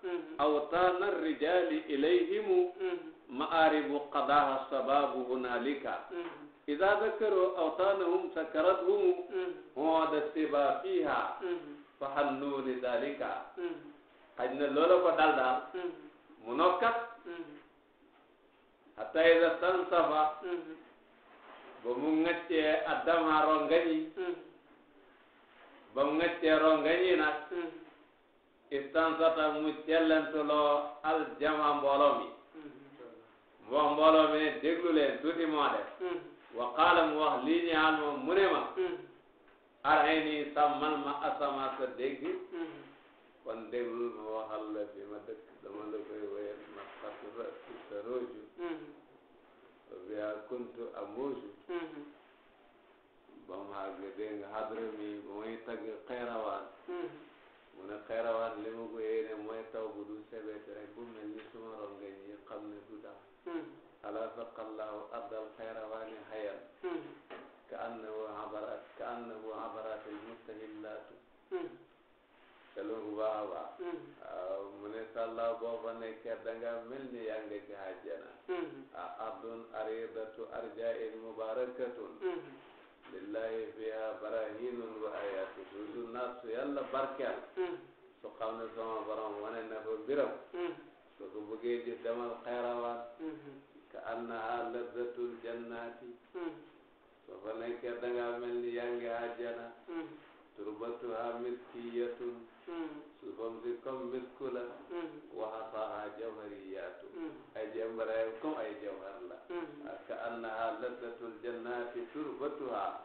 Mm-hmm. awtaana rijaali ilayhimu mm-hmm. maaribu qadaha sababu hunalika mm-hmm. ida zakaru awtaanahum sakarathum hoda siba fiha fa hannuuni dalika xaj na loola ko dal daal mu nokkat hatta ida tansafa ba mu ŋaccee addama rongañi ba mu ŋaccee rongañi nag istansata mu jellantuloo aljama mbooloo mi mu mm-hmm. wax mbooloo mi ne déglu leen tuuti moo def mm-hmm. wa qaala mu wax lii ñaal moom mu ne ma mm-hmm. arxee nii sàmmal ma asama sa dégg kon déglul ma waxal la fi ma dëkk dama la koy wéyal ma xasura ci sa rooju wa biha kuntu amooju ba mu àgg dégg nga hadra mi ba muy tagg mu ne li ma ko yéene mooy taw bu dul sebet rek bu mel ni suma rongeñ yi xam ne du dara hmm. alaa saqallaahu ardal xeerawaani hayan hmm. ka annahu abarat ka annahu abaratil mustahillaatu hmm. te loolu baax a baax waaw mu ne sàllaa boo fa danga mel ni yaa ngi ci àjjana a ardun arjain mubarakatun lillahi fiha barahinun wa ayatun lu naat su yàlla barkeel hmm. su xam ne sama borom wane na ko biram hmm. su ko bëggee di demal xeerawaan hmm. ka annaha lazzatul jannati so fa nekkee da ngaa mel ni yaa ngi àjjana turbatuha milkiyatun comme si comme misku la. ay jamaraay comme ay jamar la. ak annaha laddatul jannaati turbatuha.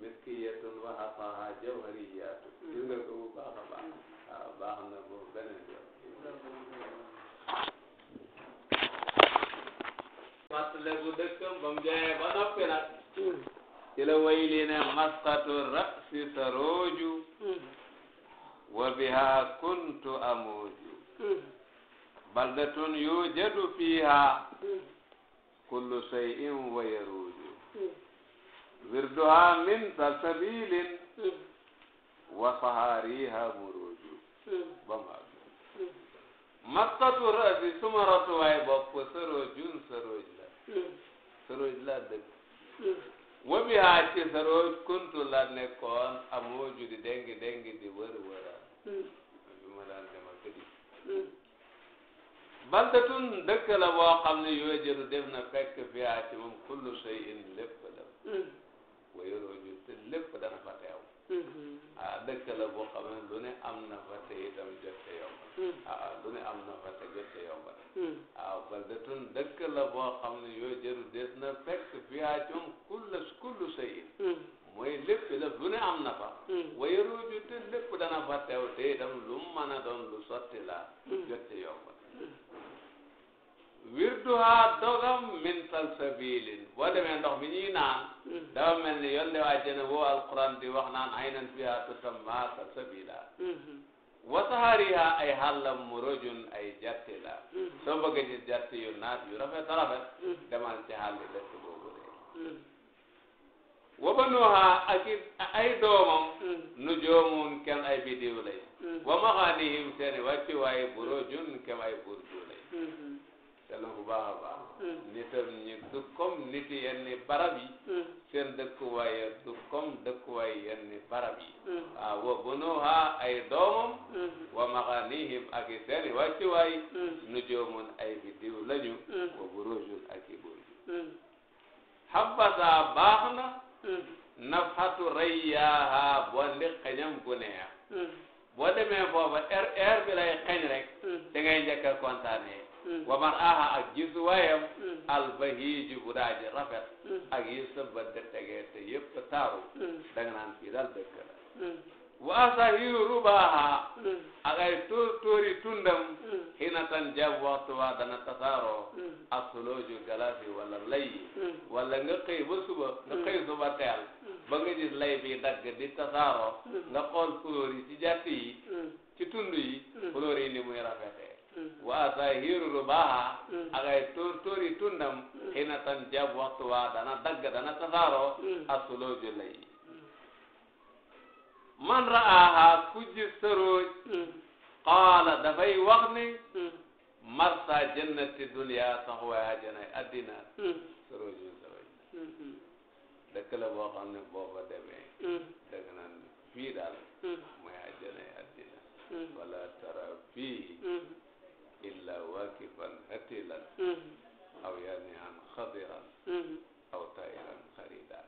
miskiyatun waxataa jamariyaatu. gis nga ko bu baax a baax. ah baax na ba mu jaayee ba noppi nag. ci la way wa biha kuntu amuju baldatun yujadu fiha kullu shay'in wa yaruju wirduha min salsabilin wa sahariha muruju bama mattatu rasi suma rotuwaay bopp sarojun saroj la saroj la dëgg wa biha ci saroj kuntu la nekkoon amuju di dengi dengi di wër wëra bi ma daan demal tëddi hmm. baldatun dëkk la boo xam ne yoojaru def na fekk fiyaa ci moom kullu shay'in lépp la hmm. wa yoroju te lépp dana fa teew hmm. ah dëkk la boo xam ne lu ne am na fa te itam jotte yomba ah lu ne am na fa te jotte yomba ah baldatun dëkk la boo xam ne yoojaru def na fekk fiyaa ci moom kullu kullu shay'in mooy lépp la lu ne am na fa. Hmm. waaye ruuju te lépp dana fa teew te itam lu mu mën a doon lu sotti la. Hmm. jot ci yomb. wirduha dogam min salsabilin boo demee ndox mi ñuy naan. Hmm. dafa mel ni yoon de waa jëne di wax naan aynan fiha tusamma salsabila. wasahariha ay xàllam murojun ay jatti la. soo bëggee ci jatti yu naat yu rafet a rafet. demal ci xàll dëkk boobu de. wa banuha ak it ay doomam nu joomun kem ay bidiw lay wa maxaanihim seeni wàccu waaye burojun kem ay burju lay bu baax a baax nitam ñi du comme nit yenn seen dëkkuwaay du comme dëkkuwaay yenn barab yi waaw ay doomam wa maxaanihim ak i seeni wàccu waay nu joomun ay bidiw lañu wa burojun ak i burju baax na nafhatu rayyaha bondi xeñam bu neex boo demee foofa air air bi lay xeñ rek da ngay njëkk a kontaane wa man aha ak gis waayam albahiiju bu daaji rafet ak yi sa bët tegee te yëpp taaru mm. da nga naan fii daal dëkk la mm. waasahiru rubaha ak ay tóor tóori tundam xinatan jab waxtu waa dana tasaaroo asulooju galasi wala lay wala nga xëy suba nga xëy suba teel ba nga gis lay dagg di tasaaroo nga xool couleur ci jàtt ci tund yi ni muy rafetee waasahiru rubaha ak ay tóor tóori tundam xinatan jab waxtu waa dana dagg dana tasaaroo asulooju lay man raaha ku gis sarooj qaala dafay wax ni marsa jannati dunia sax waay ajanay addina sarooj yu sarooj dëkk la boo xam ne boo fa demee da nga naan fii daal mooy ajanay addina wala tara fii illa waakifan hatilan aw yani an xadiran aw tayran xaridan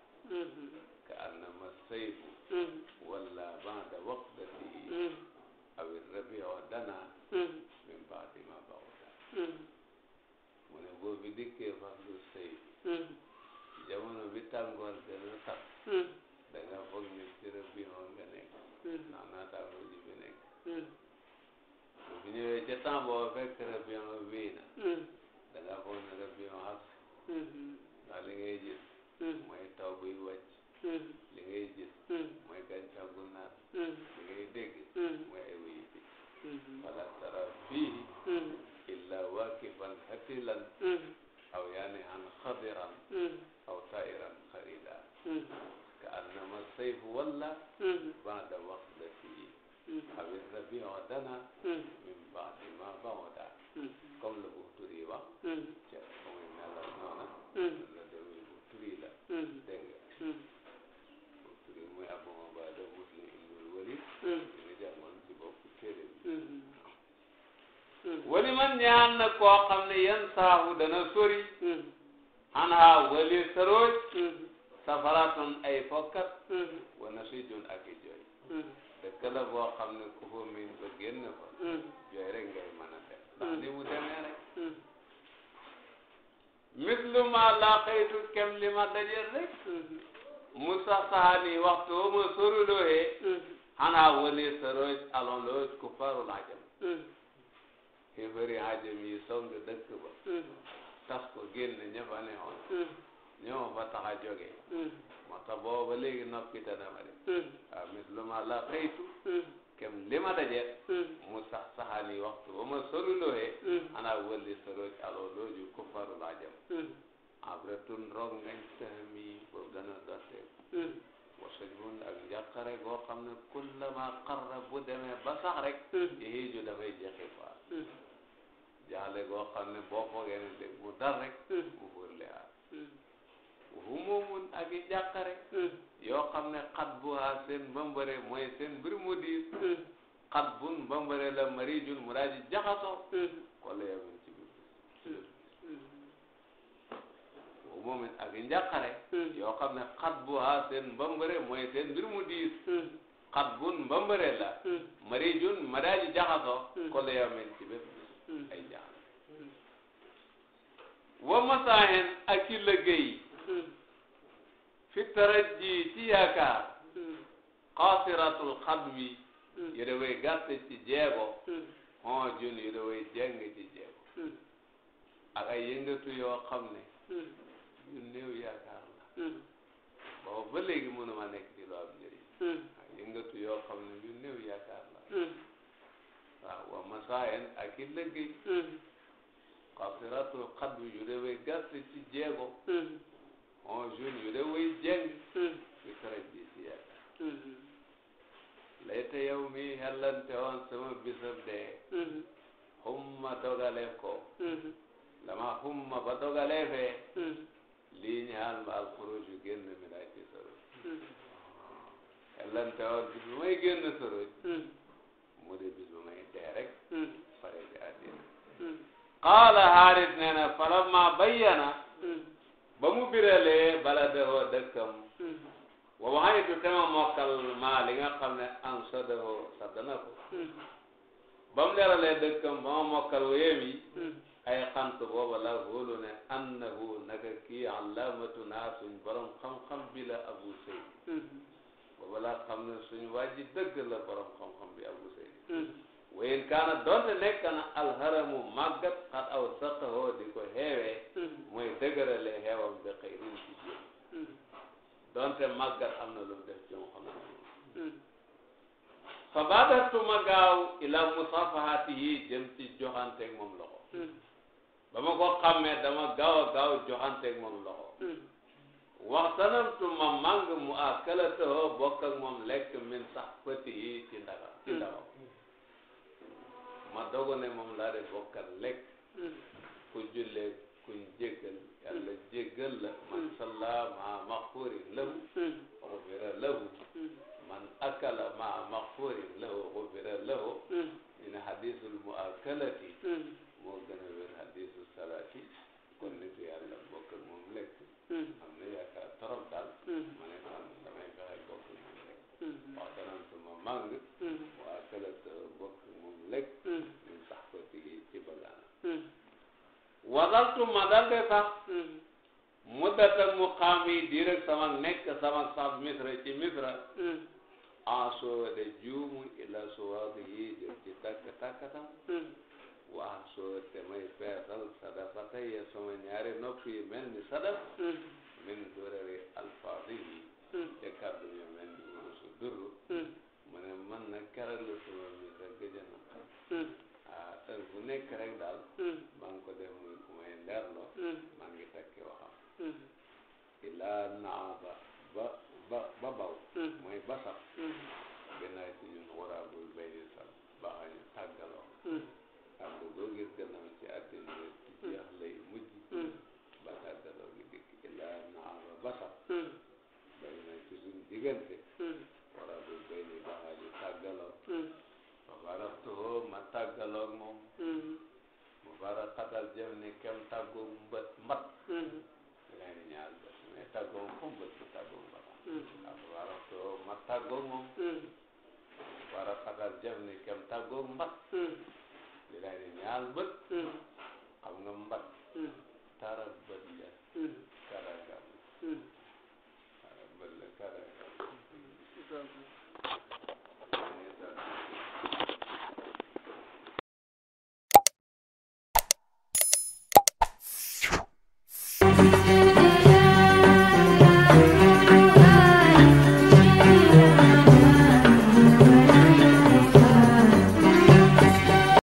ka annama sayfu Mm. walla ba'da waqtihi mm. awi rabiu dana mm. min ba'di ma ba'uda mu ne boo fi dikkee faslu sëy jamono bi tàngoor gën a tax da nga foog ne ci rabiu nga nekk naa naa tàngoor ji bi nekk bu fi ñëwee ca temps boo fekk rabiu wii na da nga ne rabiu xas ndax li ngay gis mooy taw buy wàcc li ngay Hmm. mooy gàncax gu naat hmm. li ngay dégg hmm. mooy ay wéy bi wala tara fii illa waakifan hatilan aw yaani an xadiran aw tairan xarida ka sayf walla bada waxda fii awit rabiu dana min baadi ma bawda comme le buxtur yi wax ca muy melal noona la demee buxtur yi la dégg ñu jàngoon ci bopp téere bi wali man ñaan na koo xam ne yan saahu dana sori xanaa mm-hmm. wali sarooj mm-hmm. safaratun ay fokkat mm-hmm. wana si jun ak i jooy dëkk la boo ne ku fa miin ba génn fa jooy rek ngay mën a def ndax ni mu demee rek mislu ma laqaytu kem li ma dajeel rek musa saxani waxtu ma soruloohee xanaa woni saroj alonloj ku farul ajam xibari mm. ajam yi song dëkk ba mm. tas ko génn ña fa ne woon mm. ñoo fa tax a jóge moo tax booba léegi noppi dana ma de waaw ah, mis lu ma la xëytu kem li ma dajet mu sax saxani waxtu ba ma solulooyee xanaa wëlli saroj alonloju ku farul ajam abretun rog ngañ tahmi boobu dana dotteeku wasajmun ak njàqare goo xam ne kullama qarra bu demee ba sax rek yéeju dafay jeexi faat jaaxle goo xam ne boo foogee ne dégg mu dal rek mu furle humumun ak i jàqare yoo xam ne xat bu haa seen mbambare mooy seen mbir bun mbambare la marijun mu daa ji jaxasoo ko la hummin ak njàqare hmm. yoo xam ne xat bu haa seen mbambare mooy seen mbir mu diis hmm. xat bun mbambare la hmm. mari jun ma daaji jaxaso kulla yawmin ci bépp ay jaxas wa masaahin ak ci liggéey fi taraji ci yu da way gàtt ci jeego hon jun yu da way jeng ci jeego ak ay yëngatu yoo xam ne yu néew yaakaar la hmm. boobu ba léegi mënuma nekk ci lu am njëriñ hmm. ak yëngatu yoo ne yu néew yaakaar la hmm. waaw wa masaayen ak i lëggéey xasiratul xaddu yu dewee gàtt ci jeego on jeune yu dewee jeng ci karaj bi si yaakaar layte yow mi xellante woon sama bisab dee xumma dogale ko lama xumma ba dogalee fee lii ñaar ma alxuruj yu génn mi laa ci soroj hmm. ellante woon bis bu may génn soroj hmm. mu de bis bu may dee rek hmm. pare ci àddina qaala haarit nee na falamma bayyana ba mu biralee bala dehoo dëkkam wa waxaytu tema mokkal maa li nga xam ne an sa dehoo saddana ko ba mu deralee dëkkam ba ma mokkal wéyam ay xant booba la hóolu ne annahu naka kii allaamatuna suñ borom xam-xam bi la abu sëy mm-hmm. booba la xam ne suñ waa ji dëgg la borom xam-xam bi abu sëy mm-hmm. wayin kaana doonte nekk na alharamu màggat xat aw saqahoo di ko xeewee mm-hmm. mooy dëgërale xeewam bi xëy rin ci jéem doonte màggat am na lu mu def ci xam fa baadatu ma ila musaafahatihi jëm ci joxanteeg moom loxo ba ma ko xàmmee dama gaaw a gaaw joxanteeg moom loxo hmm. waxtanamtu ma màng mu akalatoo bokk ak moom lekk min sax pëti yi ci ndaga hmm. ma dogo moom laa de bokkal lekk hmm. ku jullee kuñ jéggal yàlla jéggal la man salla maa maxfurin lahu man akala maa maxfurin lahu xufira lahu min hadisul muakalati ma daal koy sax muddata hmm. muqaam yi di rek sama nekk sama sax misra ci misra en hmm. soo de juumu ila suwaag yi jëm ci takk takkatam hmm. jëf ni kem tàggoog